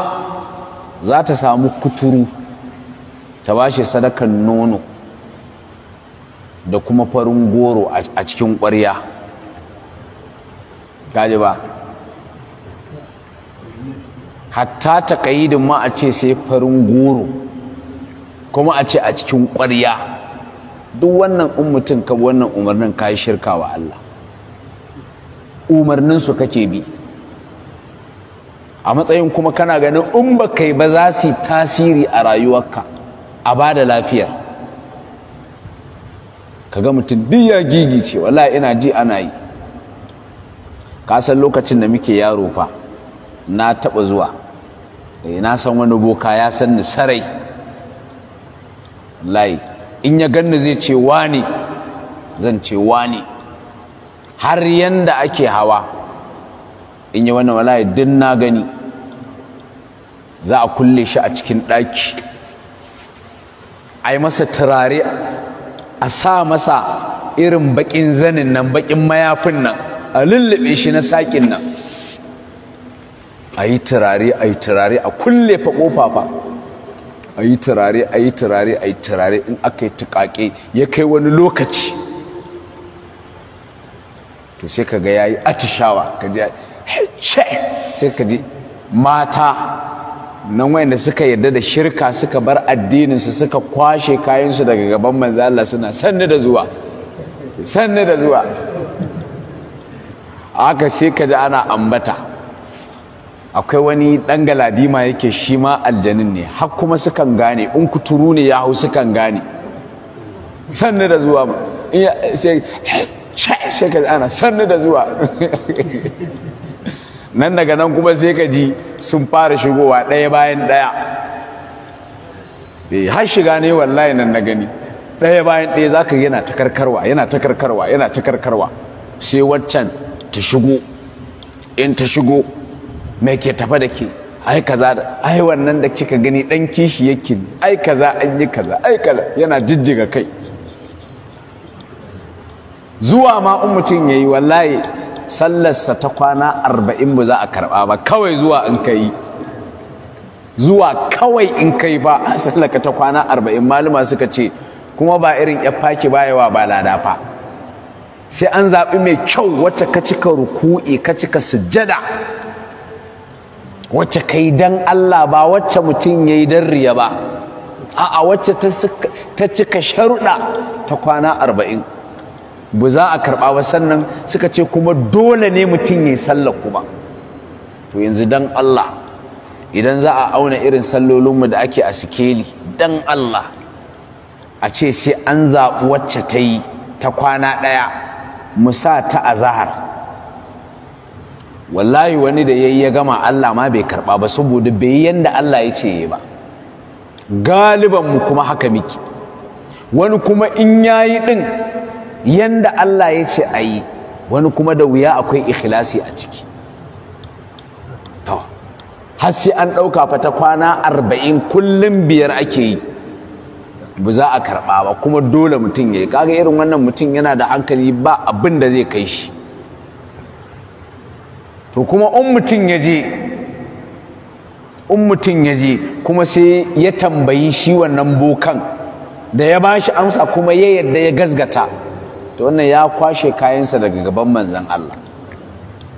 za ta samu kuturu ta ba shi sadakan nono da kuma farin goro a cikin ƙwarya gaji ba hatta ta da ma a ce sai farin goro kuma a ce a cikin ƙwarya duk wannan in mutum ka wannan umarnin ka yi shirka wa Allah umarninsu kake bi a matsayin kuma kana ganin in ba kai ba za su tasiri a rayuwarka a ba da ka ga mutum diya ya ce wala ina ji ana yi kasan lokacin da muke yaro fa na taɓa zuwa eh, na san wani boka ya san ni sarai layi in ya ganni zai ce wani zan ce wani har yanda ake hawa in yi wani walayi din na gani za a kulle shi a cikin ɗaki a yi masa turare a sa masa irin baƙin zanin nan baƙin mayafin nan a lullube shi na saƙin nan a yi turare a yi turare a kulle fa ƙofa a yi turare a yi turare a yi turare in aka yi tuƙaƙe ya kai wani lokaci to sai ka ga ya yi atishawa ka ji sai ka ji mata nan wayanda suka yarda da shirka suka bar addininsu suka kwashe kayansu daga gaban manzo Allah suna sanni da zuwa sanni da zuwa aka sai ka ji ana ambata akwai wani dan galadima yake shi ma aljanin ne har kuma sukan gane in kuturu ne yahu sukan gane sanni da zuwa sai sai ka ji ana sanni da zuwa nan daga nan kuma sai ka ji sun fara shigowa ɗaya bayan ɗaya eh har shiga ne wallahi nan na gani ɗaya bayan ɗaya za ka yana takarkarwa, yana takarkarwa, yana takarkarwa. sai waccan ta shigo in ta shigo mai ke tafa da ke ai kaza da ai wannan da kika gani ɗan kishi yake ai kaza an yi kaza ai kaza yana jijjiga kai zuwa ma in mutum ya yi wallahi sallarsa ta kwana arba'in ba za a karɓa ba kawai zuwa in ka yi zuwa kawai in ka yi ba sallaka ta kwana arba'in maluma suka ce kuma ba irin ya faki bayawa ba lada fa sai an zaɓi mai kyau wacce ka cika ruku'i ka cika sujjada wacce ka yi don Allah ba wacce mutum ya yi don riya ba a'a wacce ta cika sharuɗa ta kwana arba'in ba za a karɓa ba sannan suka ce kuma dole ne mutum ya sallah kuma to yanzu dan Allah idan za a auna irin sallolinmu da ake a sikeli dan Allah a ce sai an zaɓi wacce ta yi ta kwana ɗaya mu sa ta a zahar wallahi wani da ya yi ya gama Allah ma bai karɓa ba saboda bai yanda Allah ya ce ba galiban mu kuma haka miki wani kuma in yayi ɗin yanda Allah ya ce a yi wani kuma da wuya akwai ikhlasi a ciki to har sai an ɗauka ta kwana arba'in kullum biyar ake yi ba za a karɓa ba kuma dole mutum ya yi kaga irin wannan mutum yana da hankali ba abin da zai kai shi to kuma in mutum ya je in mutum ya je kuma sai ya tambayi shi wannan bokan da ya ba shi amsa kuma ya yadda ya gazgata to wannan ya kwashe kayansa daga gaban manzan Allah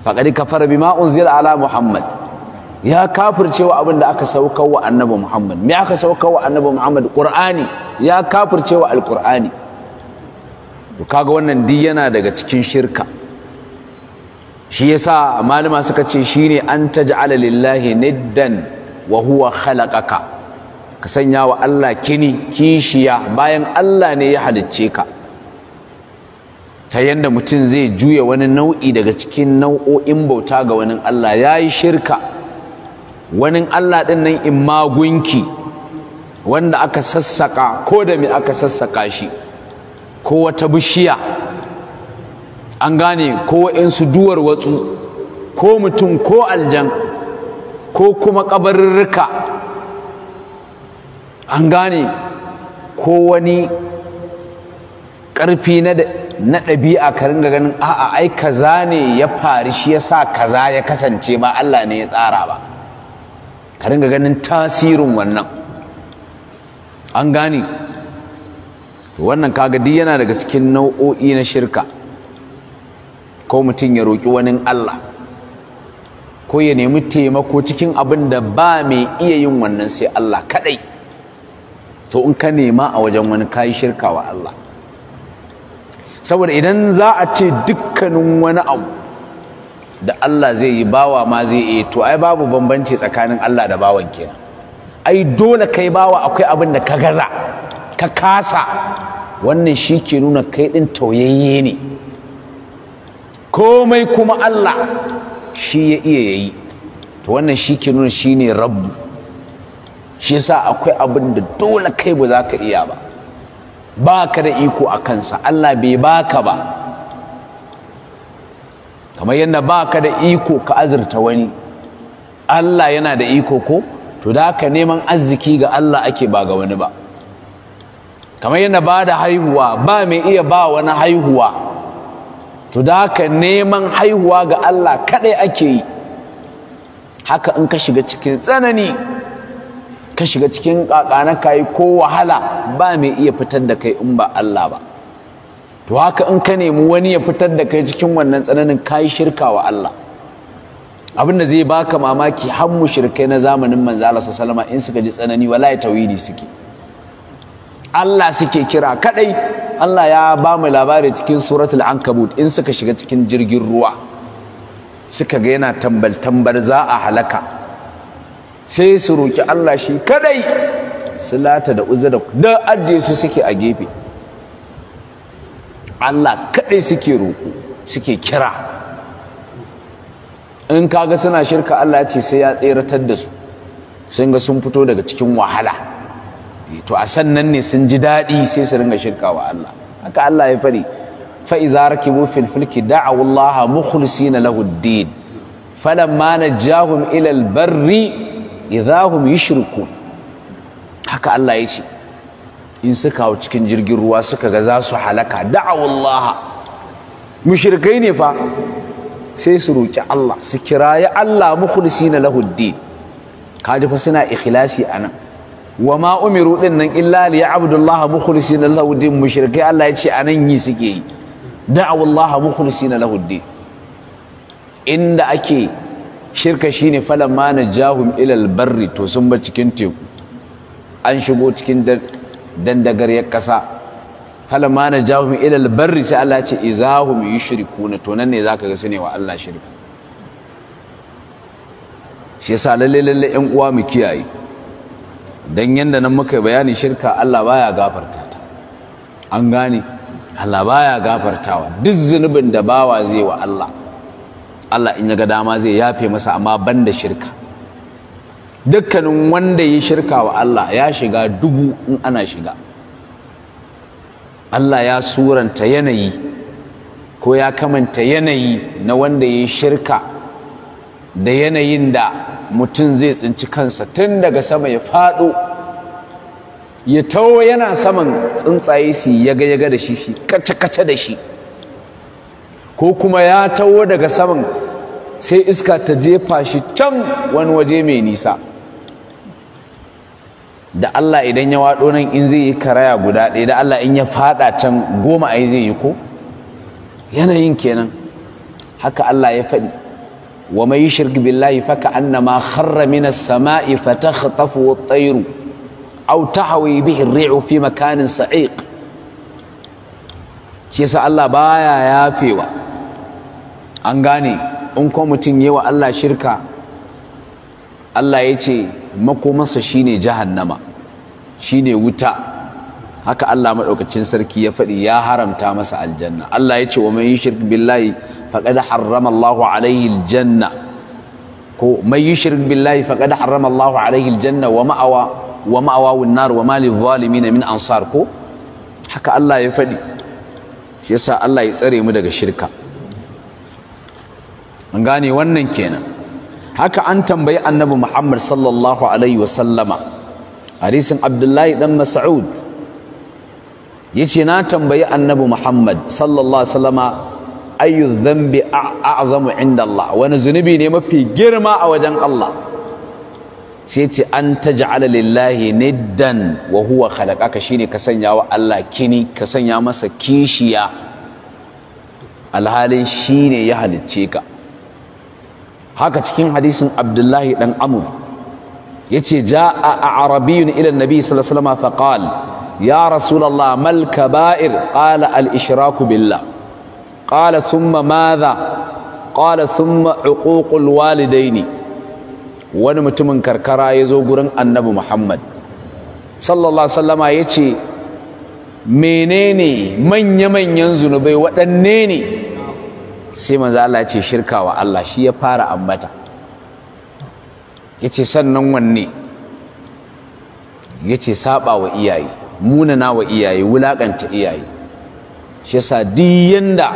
faƙari kafara bima unzila ala muhammad ya kafircewa abin da aka saukar wa annabi muhammad me aka saukar wa annabi muhammad ƙur'ani ya kafircewa alƙur'ani to kaga wannan diyana yana daga cikin shirka shi yasa malama suka ce shine an taj'ala lillahi niddan wa huwa khalaqaka ka sanya wa Allah kini kishiya bayan Allah ne ya halicce ka ta yadda mutum zai juya wani nau'i daga cikin nau'o'in bauta ga wani Allah ya yi shirka wani Allah ɗin nan in magunki wanda aka sassaƙa ko da me aka sassaƙa shi ko wata bishiya an gane ko waɗansu duwar watsu ko mutum ko aljan ko kuma ƙabarurruka an gane ko wani ƙarfi na da na ɗabi'a ka ringa ganin a'a ai kaza ne ya faru shi yasa kaza ya kasance ba Allah ne ya tsara ba ka ringa ganin tasirin wannan an gane wannan kaga duk yana daga cikin nau'o'i na shirka ko mutum ya roƙi wani Allah ko ya nemi taimako cikin abin da ba mai iya yin wannan sai Allah kadai to in ka nema a wajen wani kayi shirka wa Allah saboda idan za a ce dukkanin wani abu da Allah zai yi bawa ma zai yi to ai babu bambanci tsakanin Allah da bawan kenan ai dole kai bawa akwai abin da ka gaza ka kasa wannan shi ke nuna kai ɗin tauyayye ne komai kuma Allah shi ya iya yayi to wannan shi ke nuna shi ne rabbu shi yasa akwai abin da dole kai ba za ka iya ba ba ka da iko a kansa Allah bai baka ba kamar yadda ba ka da iko ka azurta wani Allah yana da iko ko to da ka neman arziki ga Allah ake ba ga wani ba kamar yadda ba da haihuwa ba mai iya ba wani haihuwa to da ka neman haihuwa ga Allah kaɗai ake yi haka in ka shiga cikin tsanani ka shiga cikin kakana kayi ko wahala ba mai iya fitar da kai in ba Allah ba to haka in ka nemi wani ya fitar da kai cikin wannan tsananin ka yi shirka wa Allah abin da zai baka mamaki har mushrikai na zamanin manzo Allah in suka ji tsanani wallahi tawhidi suke Allah suke kira kadai Allah ya ba mu labari cikin suratul ankabut in suka shiga cikin jirgin ruwa suka ga yana tambal tambar za a halaka sai su roki Allah shi kadai silata da uzza da da ajiye su suke a gefe Allah kadai suke roko suke kira in kaga suna shirka Allah ce sai ya tseratar da su sun ga sun fito daga cikin wahala eh, to a sannan ne sun ji daɗi sai su ringa shirka wa Allah haka Allah ya fari fa'iza rakibu fil fulki da'awu Allah mukhlisina lahu ad-din falamma najahum ila al-barri idahum yushriku haka Allah ya ce in suka hau cikin jirgin ruwa suka ga za su halaka da'awullaha mushrikai ne fa sai su roki Allah su kiraye Allah mukhlisina lahu kaji fa suna ikhlasi anan wa ma umiru din nan illa li ya'budullaha mukhlisina lahu mushrikai Allah ya ce anan yi suke yi da'awullaha mukhlisina na ddin inda ake shirka shi ne shine falamma jahun ilal barri to sun ba cikin teku an shigo cikin dandagaryar kasa falamma jahun ilal barri sai Allah ce yi yushrikuna to nan ne za ga su ne wa Allah shirka shi sa lalle lalle yan uwa mu kiyaye Don yadda nan muka bayani shirka Allah baya gafarta ta an gane Allah baya gafartawa duk zunubin da bawa zai wa Allah Allah in ya ga dama zai yafe masa amma banda shirka dukkanin wanda ya shirka wa Allah ya shiga dubu in ana shiga Allah ya suranta yanayi ko ya kamanta yanayi na wanda ya shirka da yanayin da mutum zai tsinci kansa tun daga sama ya faɗo ya tawo yana saman tsuntsaye su yaga-yaga da shi shi kace-kace da shi ko kuma ya taho daga saman sai iska ta jefa shi can wani waje mai nisa da Allah idan ya waɗo nan in zai yi karaya guda ɗaya da Allah in ya faɗa can goma ai zai yi ko yanayin kenan haka Allah ya faɗi wa mai shirk billahi faka annama kharra minas sama'i fatakhtafu at-tayru aw tahwi bihi ar-ri'u fi makanin sa'iq kisa Allah baya yafewa an gane in kuma mutum yi wa Allah shirka Allah ya ce shi ne jahannama ne wuta haka Allah maɗaukacin sarki ya faɗi ya haramta masa aljanna Allah ya ce wa yi yushrik billahi faqad harrama Allahu alaihi aljanna ko yi yushrik billahi faqad harrama Allahu alaihi aljanna wa ma'awa wa ma'awa nar wa ma lizalimin min ansar ko haka Allah ya faɗi shi yasa Allah ya tsare mu daga shirka an gane wannan kenan haka an tambayi annabi Muhammad sallallahu alaihi wasallama hadisin Abdullahi dan Mas'ud yace na tambayi annabi Muhammad sallallahu alaihi wasallama ayyu dhanbi a'zamu inda Allah wani zunubi ne mafi girma a wajen Allah sai yace an taj'ala lillahi niddan wa huwa khalaqaka shine ka sanya wa Allah kini ka sanya masa kishiya alhalin shine ya halicce ka haka cikin hadisin abdullahi dan amur yace jaa arabiyun ila annabi sallallahu alaihi wasallam faqal ya rasulullah malka ba'ir ƙala al ishraku billah qala thumma madha qala thumma uququl walidaini wani mutumin karkara ya zo gurin annabi muhammad sallallahu alaihi ya yace menene manya-manyan zunubai waɗanne ne sai manzo Allah ce shirka wa Allah shi ya fara ambata yace sannan wanne yace saba wa iyaye munana wa iyaye wulakanta iyaye shi yasa duk yanda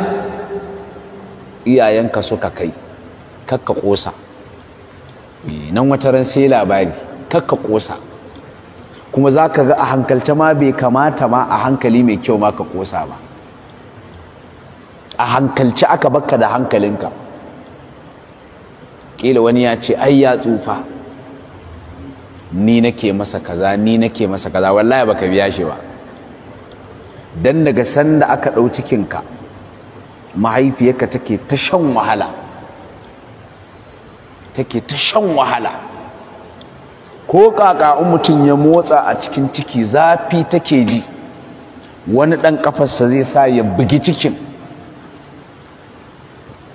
iyayenka suka kai kakka kosa eh, nan wata ran sai labari kakka kosa kuma zaka ga a hankalta ma bai kamata ma a hankali mai kyau ma ka kosa ba a hankalci aka bakka da hankalinka Ƙila wani ya ce ai ya tsufa ni nake masa kaza ni nake masa kaza wallahi baka biya shi ba dan daga sanda aka ɗau cikinka mahaifiyarka take ta shan wahala take ta shan wahala ko kaka in mutum ya motsa a cikin ciki zafi take ji wani ɗan ƙafarsa zai sa ya bugi cikin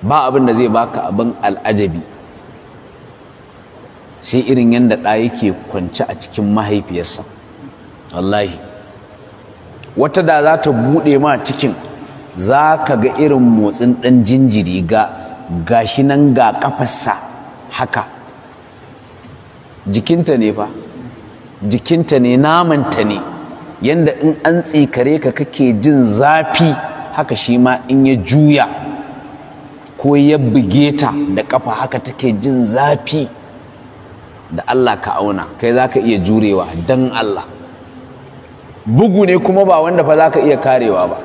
ba abin da zai baka abin al'ajabi sai irin yadda ɗa yake kwance a cikin mahaifiyarsa wallahi wata da za ta buɗe ma cikin za ka ga irin motsin ɗan jinjiri ga gashi nan ga ƙafarsa haka jikinta ne fa jikinta ne namanta ne yadda in an tsikare ka kake jin zafi haka shi ma in ya juya ko ya buge ta da kafa haka take jin zafi da Allah ka auna kai za iya jurewa don Allah bugu ne kuma ba wanda fa za iya karewa ba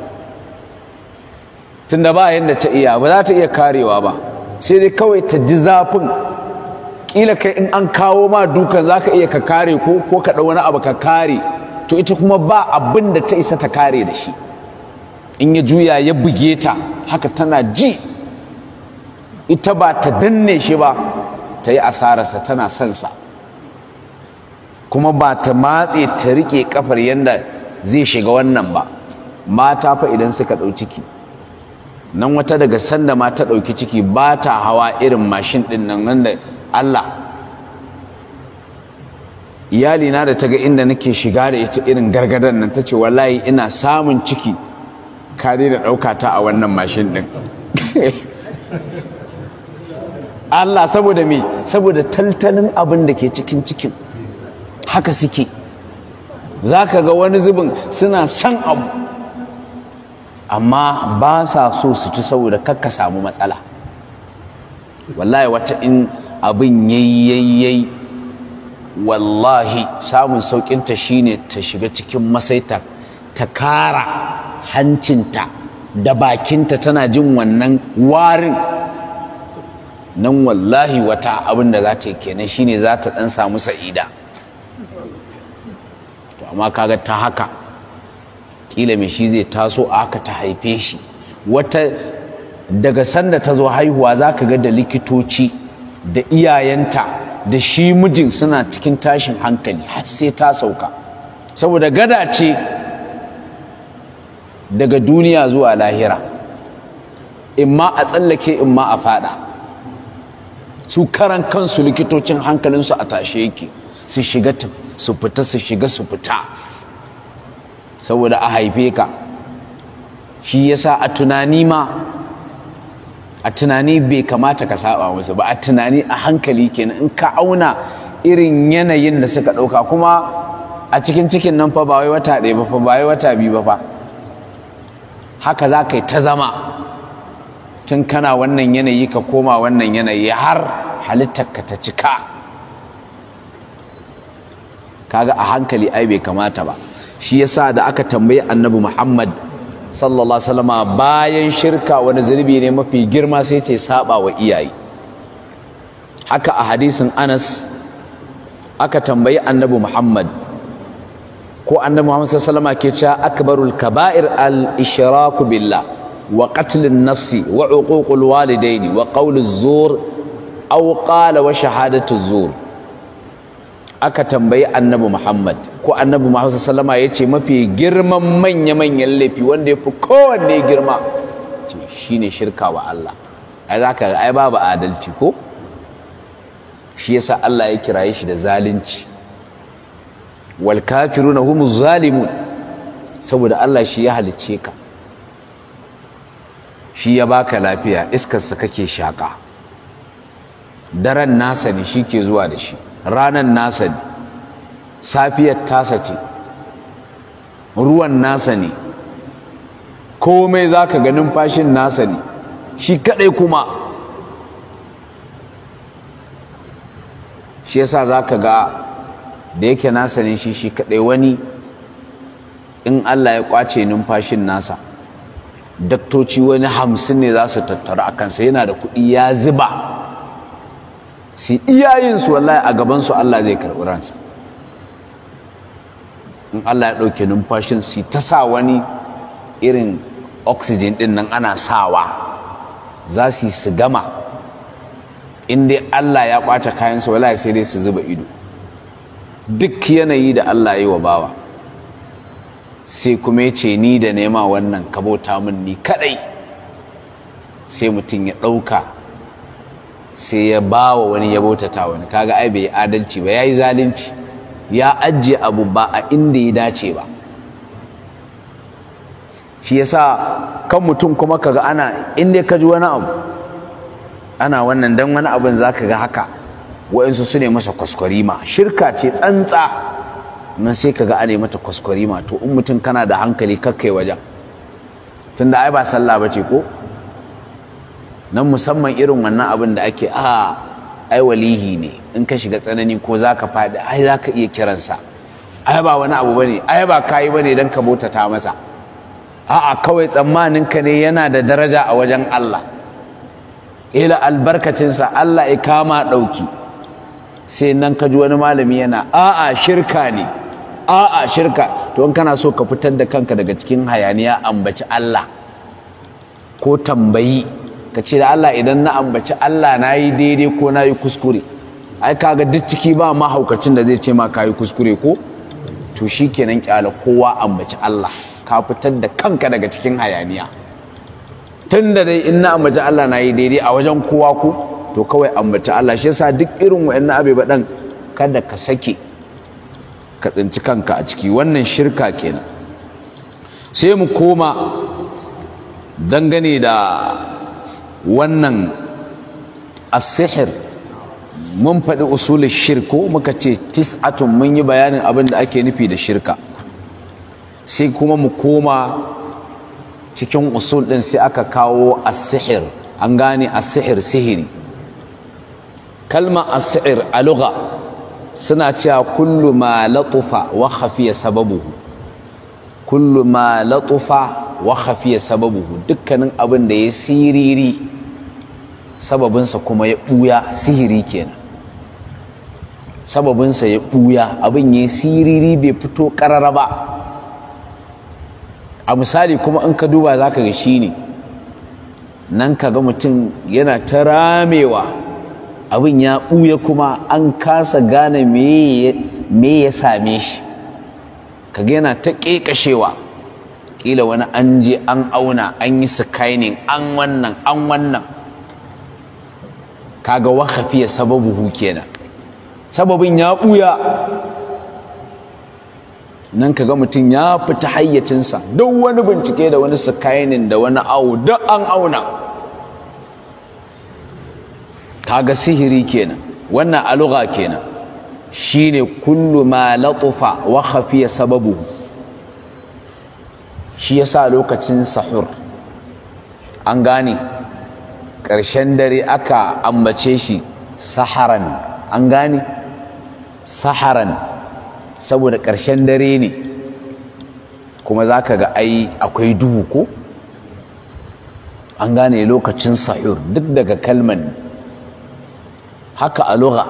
tunda ba yadda ta iya ba za ta iya karewa ba sai dai kawai ta ji zafin kila kai in an kawo ma dukan zaka iya ka kare ko ko ka wani abu ka kare to ita kuma ba abin da ta isa ta kare da shi in ya juya ya buge ta haka tana ji ita ba ta danne shi ba ta yi asararsa tana sansa kuma ba ta matse ta riƙe kafar yadda zai shiga wannan ba mata fa idan suka ɗau ciki nan wata daga sanda ma ta ɗauki ciki ba ta hawa irin mashin ɗin nan wanda Allah iyalina da ta ga inda nake shiga da ita irin gargadan nan ta ce wallahi ina samun ciki ka da ɗauka ta a wannan mashin ɗin Allah saboda me saboda taltalin abin da ke cikin cikin haka suke za ka ga wani zubin suna son abu amma ba sa so su ci saboda kakka samu matsala wallahi wata in abin yayyayyai wallahi samun saukinta shine ta shiga cikin masaita ta kara hancinta da bakinta tana jin wannan warin nan wallahi wata abin da za ta yi kenan shine za ta ɗan samu sa'ida to amma kaga ta haka kila mai shi zai taso a haka ta haife shi wata daga sanda ta zo haihuwa za ka ga da likitoci da iyayenta da shi mijin suna cikin tashin hankali har sai ta sauka saboda gada ce daga duniya zuwa lahira imma a tsallake imma a fada su karan kansu likitocin hankalinsu a tashe yake su shiga su fita su shiga su fita saboda a haife ka shi yasa a tunani ma a tunani bai kamata ka saba musu ba a tunani a hankali kenan in ka auna irin yanayin da suka ɗauka kuma a cikin cikin nan fa ba wai wata ɗaya ba fa ba wai wata biyu ba fa haka za ka yi ta zama tun kana wannan yanayi ka koma wannan yanayi har halittarka ta cika kaga a hankali ai bai kamata ba shi yasa da aka tambayi annabi Muhammad sallallahu alaihi bayan shirka wani zunubi ne mafi girma sai ce saba wa iyaye haka a hadisin Anas aka tambayi annabi Muhammad ko annabi Muhammad sallallahu alaihi ke cewa akbarul kaba'ir al-ishraku billah wa nafsi wa uququl walidaini wa qawluz zur aw wa shahadatu zor aka tambayi annabi Muhammad ko annabi Muhammad sallama yace mafi girman manya manyan laifi wanda yafi kowanne girma shine shirka wa Allah ai zaka ai babu adalci ko shi yasa Allah ya kiraye shi da zalunci wal kafiruna humu zalimun saboda Allah shi ya halicce ka shi ya baka lafiya iskarsa kake shaƙa daren nasa ne shi ke zuwa da shi ranan nasa ne safiyar tasa ce ruwan nasa ne komai za ka ga numfashin nasa ne shi kaɗai kuma shi yasa za ka ga da yake nasa ne shi shi kaɗai wani in allah ya kwace numfashin nasa daktoci wani hamsin ne za su tattara a kansa yana da kuɗi ya zuba si iyayensu wallahi a gabansu Allah zai karɓi ransa in Allah ya ɗauke numfashin si ta sa wani irin oxygen ɗin nan ana sawa za su yi su gama in dai Allah ya ƙwace kayansa wallahi sai dai su zuba ido duk yanayi da Allah ya yi wa bawa sai kuma ce ni da nema wannan ka bota min ni kadai sai mutum ya ɗauka sai ya ba wa wani ya bautata wani kaga ai bai adalci ba yayi zalunci ya ajiye abu ba a inda ya dace ba shi yasa kan mutum kuma kaga ana inda ka ji wani abu ana wannan dan wani abin zaka ga haka wa'insu su ne masa kwaskwarima shirka ce tsantsa nan sai kaga ana mata kwaskwari ma to in mutum kana da hankali kakkai wajen tunda ai ba sallah bace ko nan musamman irin wannan abin da ake a ah, ai walihi ne in ka shiga tsanani ko zaka faɗi ai zaka iya kiransa ai ba wani abu bane ai ba kayi bane dan ka ta masa a'a kawai tsammanin ka ne yana da daraja a wajen Allah ila albarkacinsa Allah ya kama ɗauki sai nan ka ji wani malami yana a'a shirka ne a'a shirka to in kana so ka fitar da kanka daga cikin hayaniya ambaci Allah ko tambayi ka ce da Allah idan na ambaci Allah na yi daidai ko na yi kuskure ai kaga duk ciki ba mahaukacin da zai ce ma ka yi kuskure ko to shi kenan kyala kowa ambaci Allah ka fitar da kanka daga cikin hayaniya tun da dai in na ambaci Allah na yi daidai a wajen kowa ko to kawai ambaci Allah shi yasa duk irin wa'annan abe baɗan kada ka sake ka tsinci kanka a ciki wannan shirka kenan sai mu koma dangane da wannan asihir mun faɗi usulun shirko muka ce tis'atun mun yi bayanin abin da ake nufi da shirka sai kuma mu koma cikin usul ɗin sai aka kawo asihir an gane asihir sihiri kalma asihir a lugha suna cewa kullu ma latufa wa khafiya sababuhu kullu ma latufa wa khafiya sababuhu dukkanin abin da ya siriri sababinsa kuma ya buya sihiri kenan sababinsa ya buya abin ya siriri bai fito karara ba a misali kuma in ka duba zaka ga shine nan kaga mutum yana ta ramewa abin ya ɓuya kuma an kasa gane me ya same shi kaga yana ta ƙeƙashewa ƙila wani an je an auna an yi scanning an wannan an wannan kaga wakafiya sababuhu kenan sababin ya ɓuya nan kaga mutum ya fita hayyacinsa don wani bincike da wani scanning da wani awo don an auna kaga sihiri kenan wannan aluga kenan shine kullu ma latufa wa khafiya sababu shi yasa lokacin sahur an gane ƙarshen dare aka ambace shi saharan an gane saharan saboda ƙarshen dare ne kuma za ka ga ai akwai duhu ko an gane lokacin sahur duk daga kalman haka a lura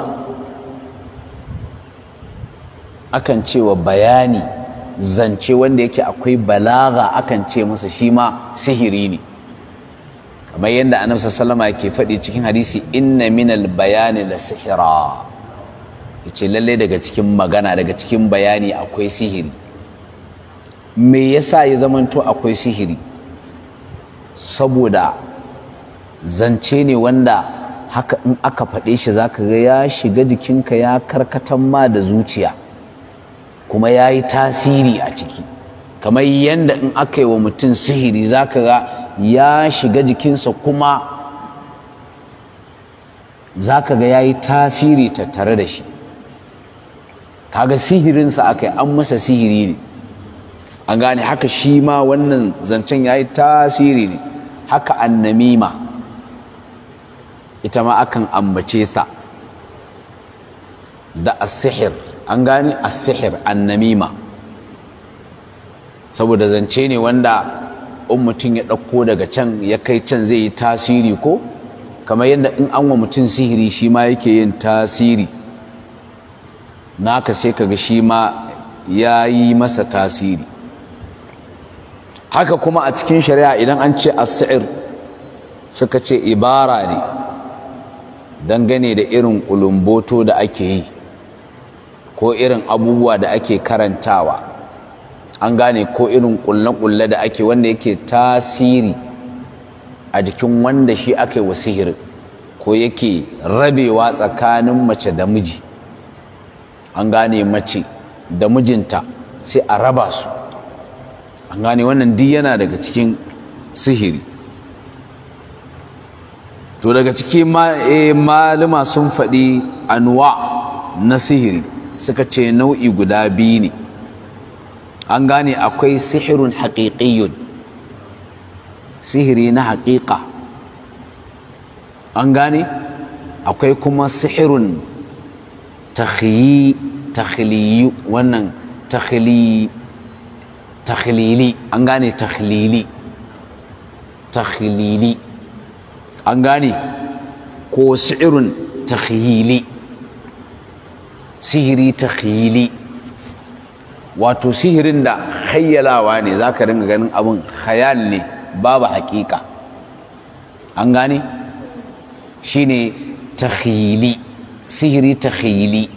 akan cewa bayani zance wanda yake akwai balaga akan ce masa shi ma sihiri ne kamar yadda annabi sallama ke faɗi cikin hadisi inna minal bayani la sihira yace lalle daga cikin magana daga cikin bayani akwai sihiri me yasa ya zamanto akwai sihiri saboda zance ne wanda haka in aka faɗe shi za ka ga ya shiga jikinka ya karkatan ma da zuciya kuma ya yi tasiri a ciki kamar yadda in aka yi wa mutum sihiri za ka ga ya shiga jikinsa kuma za ka ga ya yi tasiri tattare da shi kaga sihirinsa aka yi an masa sihiri ne an gane haka shi ma wannan zancen ya yi tasiri ne haka annamima ita ma akan ambace sa da asihir sihir an gane asihir annamima saboda zance ne wanda in mutum ya ɗauko daga can ya kai can zai yi tasiri ko kamar yadda in an wa mutum sihiri shi ma yake yin tasiri naka sai kaga shi ma ya yi masa tasiri haka kuma a cikin shari'a idan an ce asir suka ce ibara ne dangane da irin ƙulumboto da ake yi ko irin abubuwa da ake karantawa an gane ko irin ƙulle-ƙulle da ake wanda yake tasiri a jikin wanda shi aka yi sihirin, ko yake rabewa tsakanin mace da miji an gane mace da mijinta sai a raba su an gane wannan duk yana daga cikin sihiri to daga ciki eh, malama sun faɗi anwa na sihiri suka ce nau'i guda biyu ne an gane akwai sihirun haƙiƙiyun sihiri na haƙiƙa an gane akwai kuma sihirin takhiliyu wannan tahili an gane takhilili an gane ko irin takhili sihiri takhili wato sihirin da hayyalawa ne za ka ringa ganin abin khayal ne babu hakika? an gane shi ne takhili sihiri takhili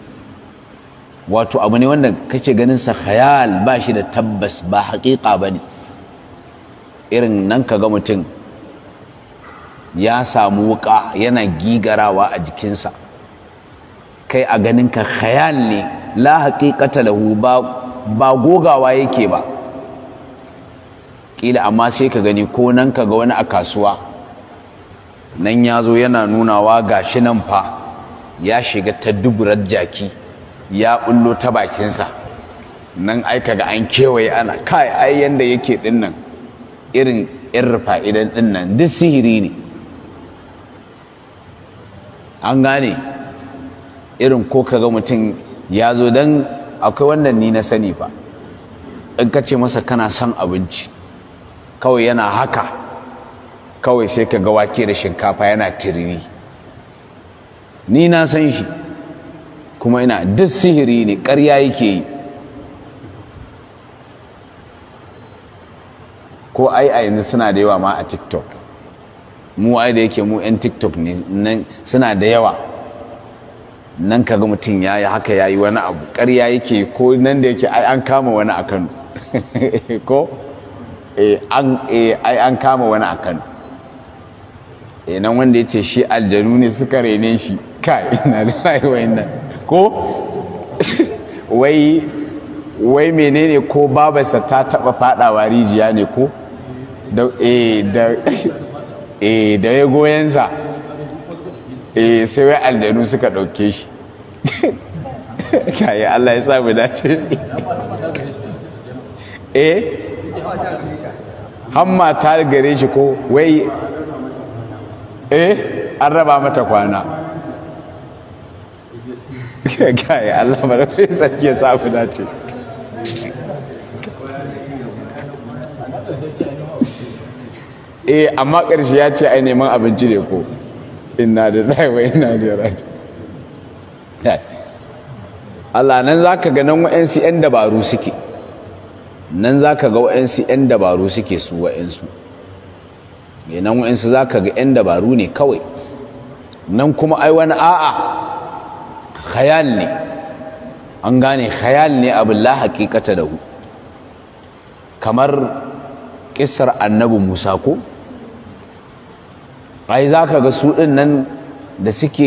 wato abu ne wanda kake ganin sa khayal ba shi da tabbas ba hakika ba ne irin nan ka ga mutum ya samu wuka yana gigarawa a jikinsa kai a ganinka khayal ne la haqiqata lahu ba gogawa yake ba Ƙila amma sai ka gani ko nan ka ga wani a kasuwa nan ya zo yana nunawa shi nan fa ya shiga ta duburar jaki ya bullo ta bakinsa nan ai kaga an kewaye ana kai ai yanda yake dinnan irin irfa idan dinnan duk sihiri ne an gane irin ko ka ga mutum ya zo don akwai wannan ni na sani fa in ka ce masa kana son abinci kawai yana haka kawai sai ka ga wake da shinkafa yana tiriri ni na san shi kuma ina duk sihiri ne ƙarya yake yi ko ai a yanzu suna da yawa ma a tiktok mu ai da yake mu 'yan tiktok ne suna da yawa nan kaga mutum ya yi haka ya yi wani abu ƙarya yake ko nan da yake ai an kama wani a kano ko eh, eh, ai an kama wani a kano eh, nan wanda ya ce shi aljanu ne suka rene shi kai ina da rayuwa nan ko wai menene ko babarsa ta taba fadawa rijiya ne ko da e da ya goyensa e eh, sai wai aljanu suka ɗauke shi kayi Allah ya sami dace e hamma ta gare shi ko wai e an raba mata kwana kayi Allah mara da fi ya sami dace eh amma ƙarshe ya ce ai neman abinci ne ko inna da daiwa inna da raji Allah nan za ka ga nan wa'yansu 'yan dabaru suke nan za ka ga wa'ansu 'yan dabaru suke su wa'yansu eh, nan wa'ansu za ka ga 'yan dabaru ne kawai nan kuma ai wani a'a khayal ne an gane khayal ne abin la hakikata da hu kamar ƙisar annabin musa ko ai za ka ga su ɗin nan da suke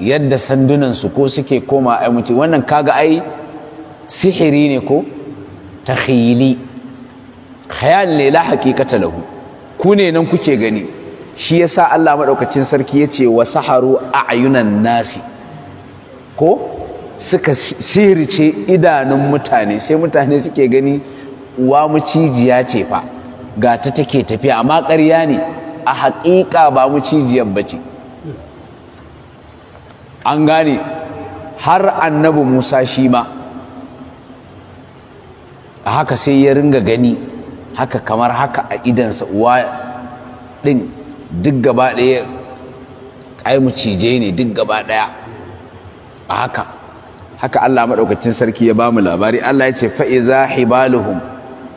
yadda sandunansu ko suke koma a mutu wannan kaga ai sihiri ne ko Ta khili khayal ne la haqiqata lahu ku ne nan kuke gani shi yasa Allah maɗaukacin sarki yace wa saharu ayunan nasi ko suka ce idanun mutane sai mutane suke gani uwa cijiya ce fa ga ta take tafiya amma ƙarya ne a haƙiƙa ba mu cijiyar bace an gane har annabi musa shi ma haka sai ya ringa gani haka kamar haka a idansa uwa ɗin duk gaba ɗaya ai mu cije ne duk gaba ɗaya a haka haka Allah maɗaukacin sarki ya ba mu labari Allah ya ce fa'iza hibaluhum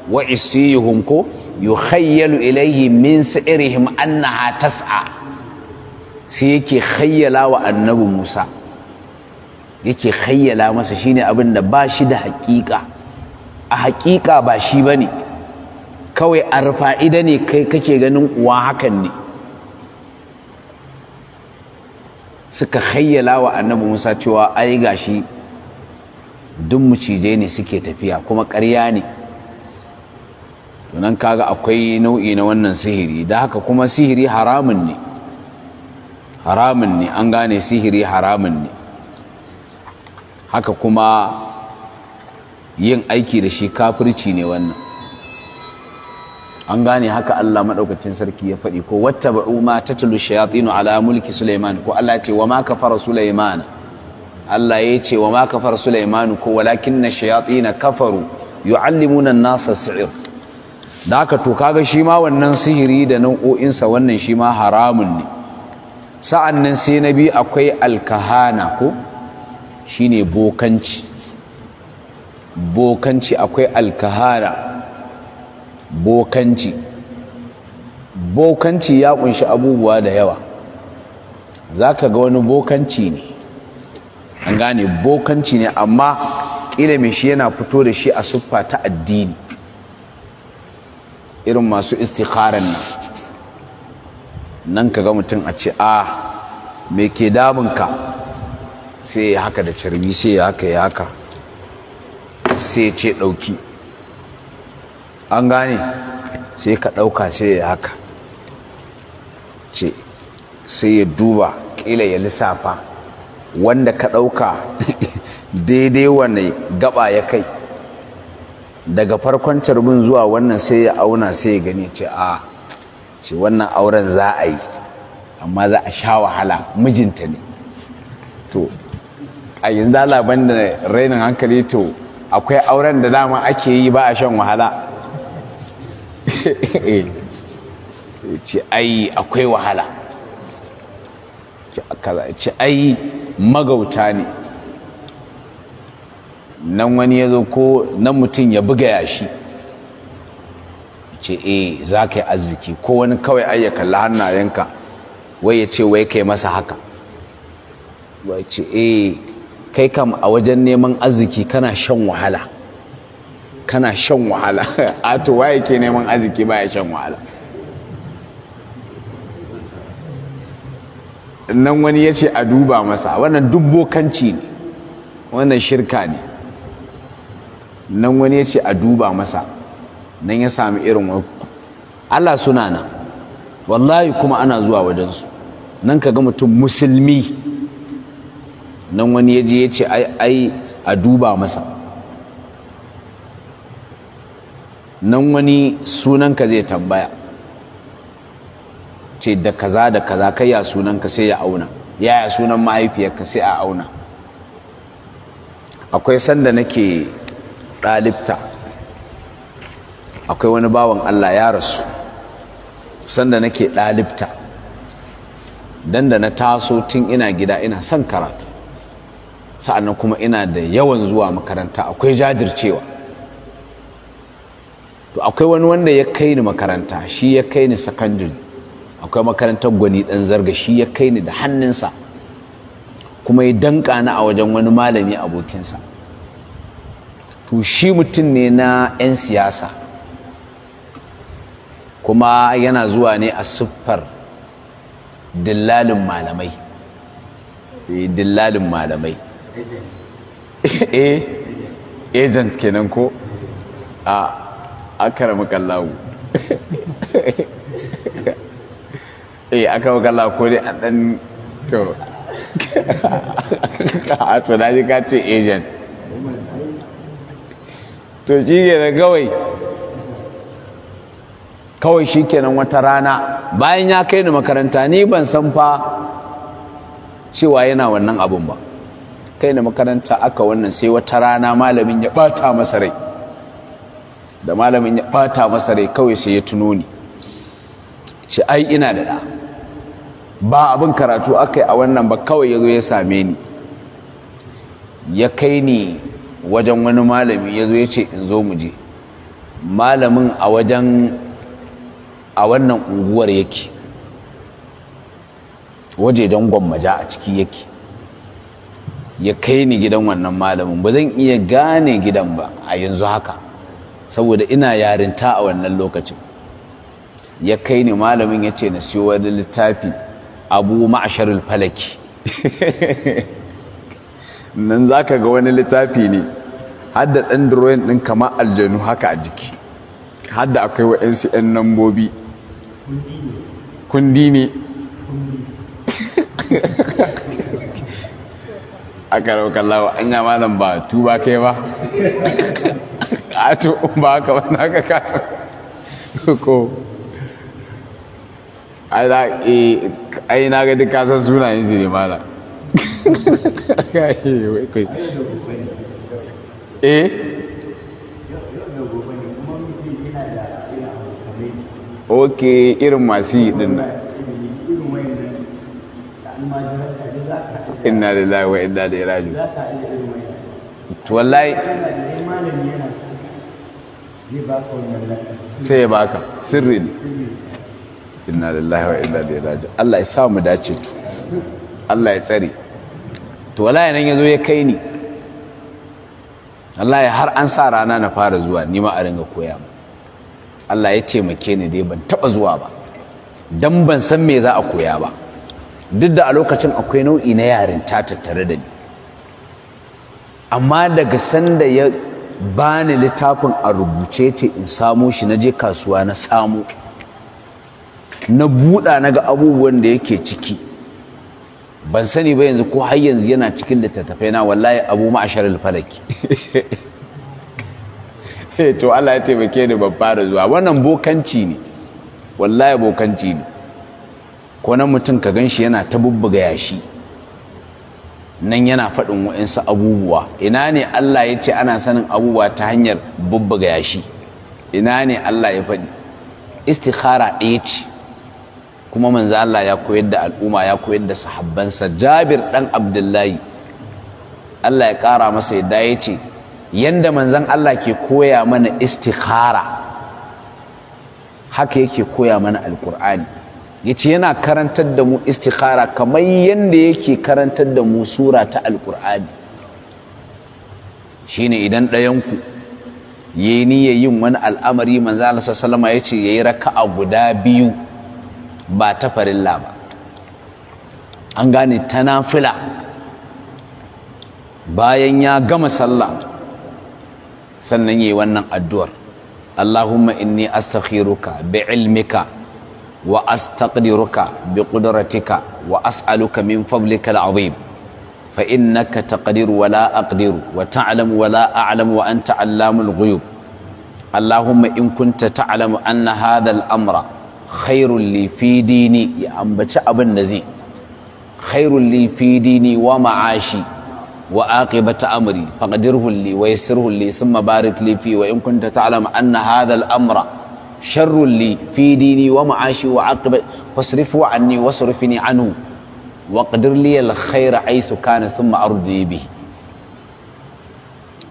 wa isiyuhum ko yukhayyalu ilaihi min sa'irihim annaha tas'a sai yake khayyala wa annabi Musa yake khayyala masa shine abin da ba shi da hakika, a haƙiƙa ba shi bane kawai arfa'ida ne kai kake ganin uwa hakan ne suka khayyala wa annabi Musa cewa ai gashi duk mucije ne suke tafiya kuma ƙarya ne tunan kaga akwai nau'i na wannan sihiri da haka kuma sihiri haramun ne haramun ne an gane sihiri haramun ne haka kuma yin aiki da shi kafirci ne wannan an gane haka Allah maɗaukacin sarki ya faɗi ko wata ba'u ma ta tulu shayatinu ala mulki Sulaiman ko Allah ce wa ma ka fara Sulaiman Allah ya ce wa ma ka fara Sulaiman ko walakin na shayatina kafaru yu'allimuna an-nasa sihr da aka to kaga shi ma wannan sihiri da nau'o'insa wannan shi ma haramun ne sa'an nan sai na biyu akwai alkahana ko shi ne bokanci bokanci akwai alkahana bokanci bokanci ya kunshi abubuwa da yawa za ka ga wani bokanci ne an gane bokanci ne amma ƙila shi yana fito da shi a siffa ta addini irin masu istikharar nan nan ka ga mutum a ce a ah, me ke damunka sai ya haka da carbi sai ya haka ya haka sai ya ce ɗauki an gane sai ka ɗauka sai ya haka ce sai ya duba ƙila ya lissafa wanda ka ɗauka daidai wane gaba ya kai daga farkon carbin zuwa wannan sai ya auna sai ya gani ce a ah, ce wannan auren za a yi amma za a sha wahala mijinta ne to a yanzu laban da rainin hankali to akwai auren da dama ake yi ba a shan wahala ce ai akwai wahala ce ai magauta ne nan wani ya zo ko nan mutum ya buga yashi ce e eh, za ka yi arziki ko wani kawai ayyaka hannayenka wai ya ce wai kai masa haka wai ce e kai kam a wajen neman arziki kana shan wahala kana shan wahala a to waye ke neman arziki baya shan wahala nan wani ya ce a duba masa wannan dubbokanci ne wannan shirka ne nan wani ya ce a duba masa nan ya sami irin wani Allah suna nan wallahi kuma ana zuwa wajensu nan ka ga mutum musulmi nan wani ya je ya ce ai a duba masa nan wani sunanka zai tambaya ce da kaza da kaza kai ya sunanka sai ya auna yaya sunan mahaifiyarka sai a auna akwai sanda nake ɗalibta akwai wani bawan Allah ya rasu sanda nake ɗalibta dan da na taso tun ina gida ina son karatu sa'annan kuma ina da yawan zuwa makaranta akwai jajircewa to akwai wani wanda ya kai ni makaranta shi ya kai ni secondary akwai makarantar gwani ɗan zarga shi ya kai ni da hannunsa kuma ya danka ni a wajen wani malami abokinsa to shi mutum ne na 'yan siyasa kuma yana zuwa ne a siffar dillalin malamai eh, dillalin malamai eh agent kenan ko a akara makallahu eh aka makallahu ko dai a dan to a tunaji ka ce agent to shi kenan kawai kawai shi kenan wata rana bayan ya kai ni makaranta ni ban san fa cewa yana wannan abun ba kai ni makaranta aka wannan sai wata rana malamin ya bata masa rai da malamin ya bata masa rai kawai sai ya tuno ni ce ai ina da da ba abin karatu aka a wannan ba kawai ya zo ya same ni ya kai ni wajen wani malami ya zo ya ce in zo mu je malamin a wajen a wannan unguwar yake waje don gwammaja a ciki yake ya kai ni gidan wannan malamin ba zan iya gane gidan ba a yanzu haka saboda ina yarinta a wannan lokacin ya kai ni malamin ya ce na siyo wani littafi abu ma'asharul falaki nan za ka ga wani littafi ne hadda ɗan drawing ɗin kama aljanu haka a jiki hadda akwai wa'yansu 'yan nambobi kundi ne a karaukan lawa an yama malam ba ba kai ba a tu ba haka wani haka kasa ko yi eh, na ga duk kasar sunayen su ne malam eh ok irin masu yi din nan inna lillahi wa inna ilaihi raji'un wallahi sai ya baka sirri ne inna lillahi wa inna ilaihi raji'un Allah ya mu dace Allah ya tsare to wallahi nan yazo ya kai ni wallahi har an sa rana na fara zuwa ni ma a ringa koya ba. Allah ya taimake ni dai ban taba zuwa ba dan ban san me za a koya ba duk da a lokacin akwai nau'i na yarin ta tattare da ni amma daga sanda ya bani littafin a rubuce ce in samo shi na je kasuwa na samu na buɗa naga abubuwan da yake ciki ban sani ba yanzu ko har yanzu yana cikin littattafai na wallahi abu ma'asharil falaki to Allah ya taimake ni ban fara zuwa wannan bokanci ne wallahi bokanci ne ko nan mutum ka ganshi yana ta bubbuga yashi nan yana faɗin wa'insu abubuwa ina ne Allah ya ce ana sanin abubuwa ta hanyar bubbuga yashi ina ne Allah ya faɗi istikhara ɗaya ce kuma manzo Allah ya koyar da al'umma ya koyar da sahabbansa Jabir dan Abdullahi Allah ya kara masa yadda yace yanda manzon Allah ke koya mana istikhara haka yake koya mana alqur'ani yace yana karantar da mu istikhara kamar yanda yake karantar da mu sura ta alqur'ani shine idan ɗayanku yayi niyyar yin wani al'amari manzo Allah sallallahu alaihi wasallam yace yayi raka'a guda biyu ba ta farilla ba an gane tana fila bayan ya gama sallah sannan yi wannan addu'ar Allahumma inni astakhiruka bi ilmika wa astaqdiruka bi qudratika wa as'aluka min fablikal al'azim fa innaka taqdiru wa la aqdiru wa ta'lamu wa la a'lamu wa anta 'allamul ghuyub Allahumma in kunta ta'lamu anna na hadal amra خير اللي في ديني يا أمبتش أبن النزي خير اللي في ديني ومعاشي وآقبة أمري فقدره اللي ويسره اللي ثم بارك لي فيه وإن كنت تعلم أن هذا الأمر شر اللي في ديني ومعاشي وعاقبة فاصرفه عني واصرفني عنه وقدر لي الخير حيث كان ثم أرضي به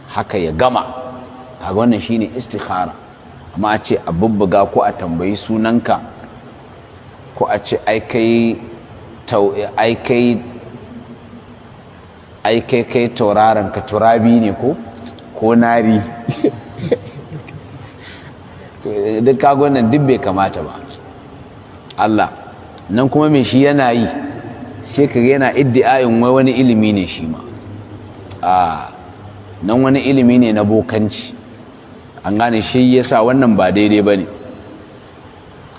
حكى يا جمع هذا شيني استخاره amma a ce a bubbuga ko a tambayi sunanka ko a ce ai kai kai tauraron ka turabi ne ko ko nari duk kagonan duk bai kamata ba Allah nan kuma mai shi yana yi sai ka yana iddiayin wai wani ilimi ne shi ma a ah, nan wani ilimi ne na bokanci an gane shi ya sa wannan ba daidai ba ne.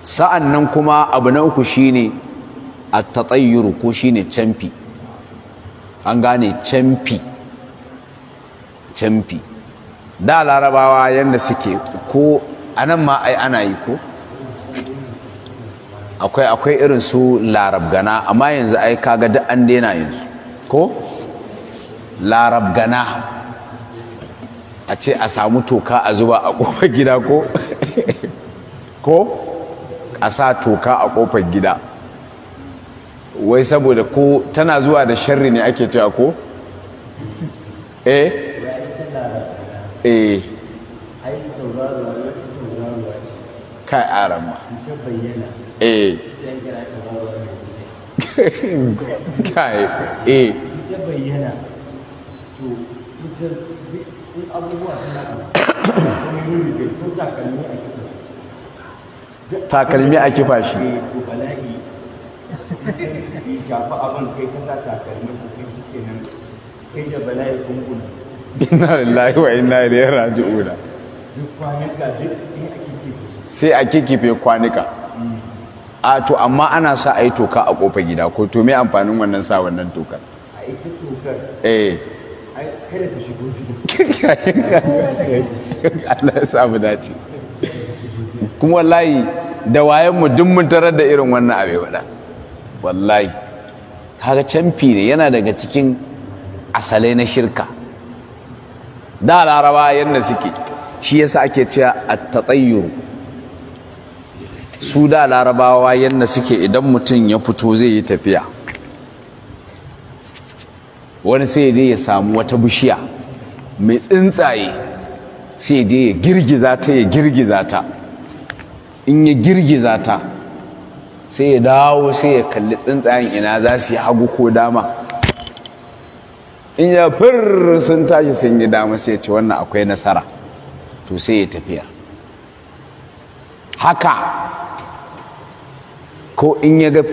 sa'an nan kuma abu na uku shi a at-tatayyur ko ne camfi an gane camfi camfi da larabawa yadda suke ko nan ma ai ana yi ko akwai akwai irin su larabgana amma yanzu ai kaga duk an daina yanzu ko larabgana a ce a samu toka a zuba a kofar gida ko ko a sa toka a kofar gida wai saboda ko tana zuwa da sharri ne ake cewa ko eh eh kai arama eh kai eh duk abubuwa takalmi a kifa takalmi a kifa shi abin da sai a kikife kwanuka mm. a to amma ana sa a yi toka a kofar gida ko to me amfanin wannan sa wannan tokar a ta tokar eh Allah ya samu dace kuma wallahi da wayanmu mu duk mun tarar da irin wannan abe wada wallahi kaga canfi ne yana daga cikin asalai na shirka da laraba yanda suke shi yasa ake cewa at-tatayyur su da larabawa yanda suke idan mutum ya fito zai yi tafiya wani sai je ya samu wata bishiya mai tsintsaye sai je ya girgiza ta ya girgiza ta in ya girgiza ta sai ya dawo sai ya kalli tsintsayen ina za su yi hagu ko dama in ya firar sun tashi sun yi dama sai ce wannan akwai nasara to sai ya tafiya haka ko in ya ga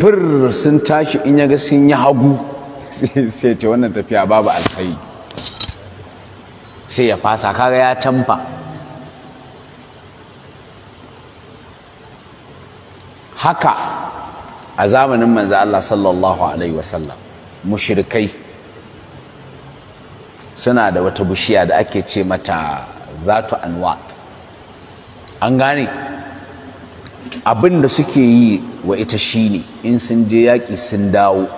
sun tashi in yaga sun yi hagu sai ce wannan tafiya babu alkhairi sai ya fasa kaga ya canfa haka a zamanin manzo Allah sallallahu alaihi wasallam mushrikai suna da wata bishiya da ake ce mata zatu anwat an gane abin da suke yi wa ita shine in sun je yaƙi sun dawo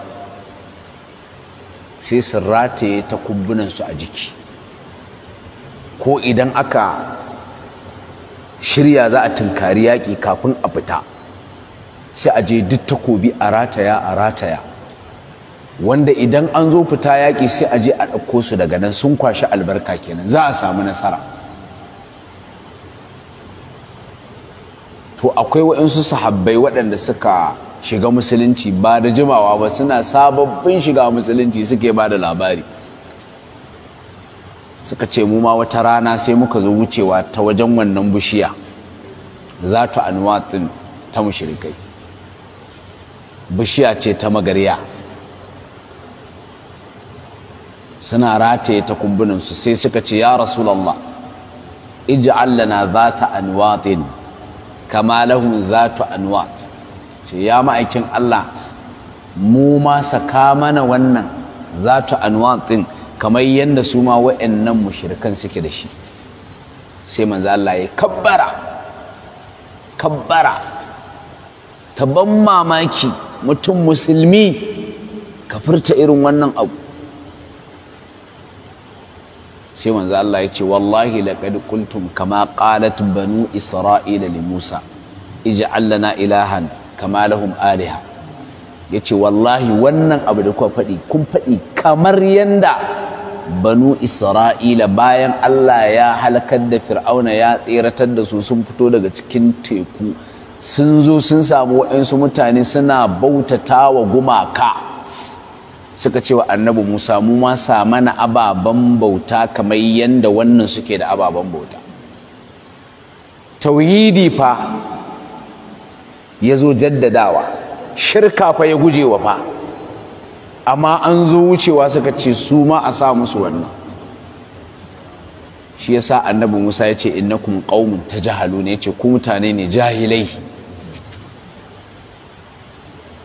sai su rataye ta kubbunansu a jiki ko idan aka shirya za a tunkari yaƙi kafin a fita sai a je duk takobi a rataya a rataya wanda idan an zo fita yaƙi sai a je a ɗauko su daga nan sun kwashi albarka kenan za a samu nasara to akwai waɗansu sahabbai waɗanda suka shiga musulunci ba da jimawa ba suna sababbin shiga musulunci suke ba da labari suka ce mu ma wata rana sai muka zo wucewa ta wajen wannan bishiya za ta anwatin ta mushrikai bishiya ce ta magarya suna rataye ta kumbuninsu sai suka ce ya rasulallah ij'al lana zata anwatin kama lahum zata anwat ce ya ma'aikin Allah mu ma saka mana wannan zatu anwat ɗin kamar yadda su ma wa'annan mushrikan suke da shi sai manzo Allah ya kabbara kabbara ta ban mamaki mutum musulmi ka furta irin wannan abu sai manzo Allah ya ce wallahi laƙad qultum kama ƙalat banu isra'ila li musa ij'al ilahan kama lahum aliha yace wallahi wannan abu da kuka faɗi kun faɗi kamar yanda banu isra'ila bayan Allah ya halakar da fir'auna ya tseratar da su sun fito daga cikin teku sun zo sun samu waɗansu mutane suna bautata wa gumaka suka ce wa annabi musa mu ma sa mana ababen bauta kamar yanda wannan suke da ababen bauta tauhidi fa ya zo jaddadawa shirka fa ya guje wa fa amma an zo wucewa suka ce su ma a sa musu wannan shi ya sa annabi Musa ya ce innakum qaumun ne ya ce ku mutane ne jahilai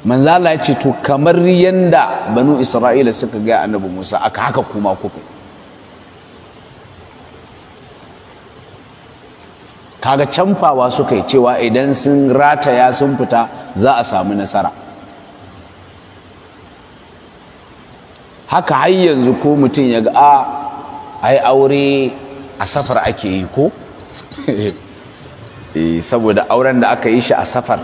manzala ya ce to kamar yanda banu Isra'ila suka ga annabi Musa aka haka kuma kuka kaga canfawa suka yi cewa idan sun rataya sun fita za a samu nasara haka har yanzu ko mutum ya ga a ai aure a safar ake yi ko eh, saboda auren da aka yi shi a safar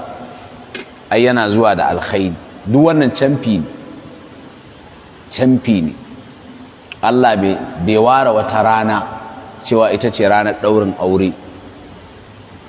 ai yana zuwa da alkhairi duk wannan canfi ne canfi ne Allah bai ware wata rana cewa ita ce ranar ɗaurin aure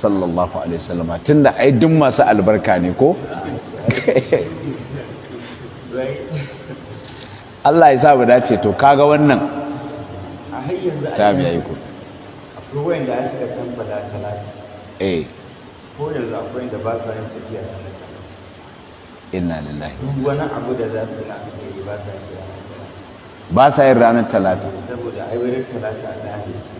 sallallahu alaihi Tun tunda ai duk masu albarka ne ko Allah ya sa mu dace to kaga wannan ta biya yi ku akwai wanda ya suka canfa da talata eh ko yanzu akwai wanda ba sa yin tafiya talata inna lillahi duk wani abu da za su na ba sa yin ba sa yin ranar talata saboda ai wurin talata da yake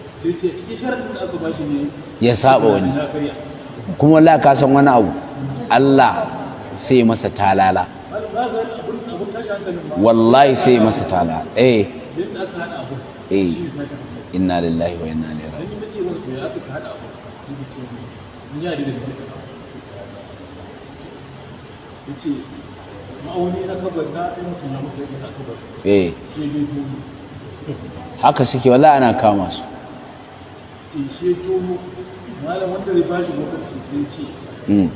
ya saba wani kuma wallahi ka san wani abu Allah sai masa talala wallahi sai masa talala eh eh inna lillahi wa inna ilaihi raji'un ce ma'auni haka suke wallahi ana kama su teshe tomo malam wanda zai bashi lokaci sai ce hmm.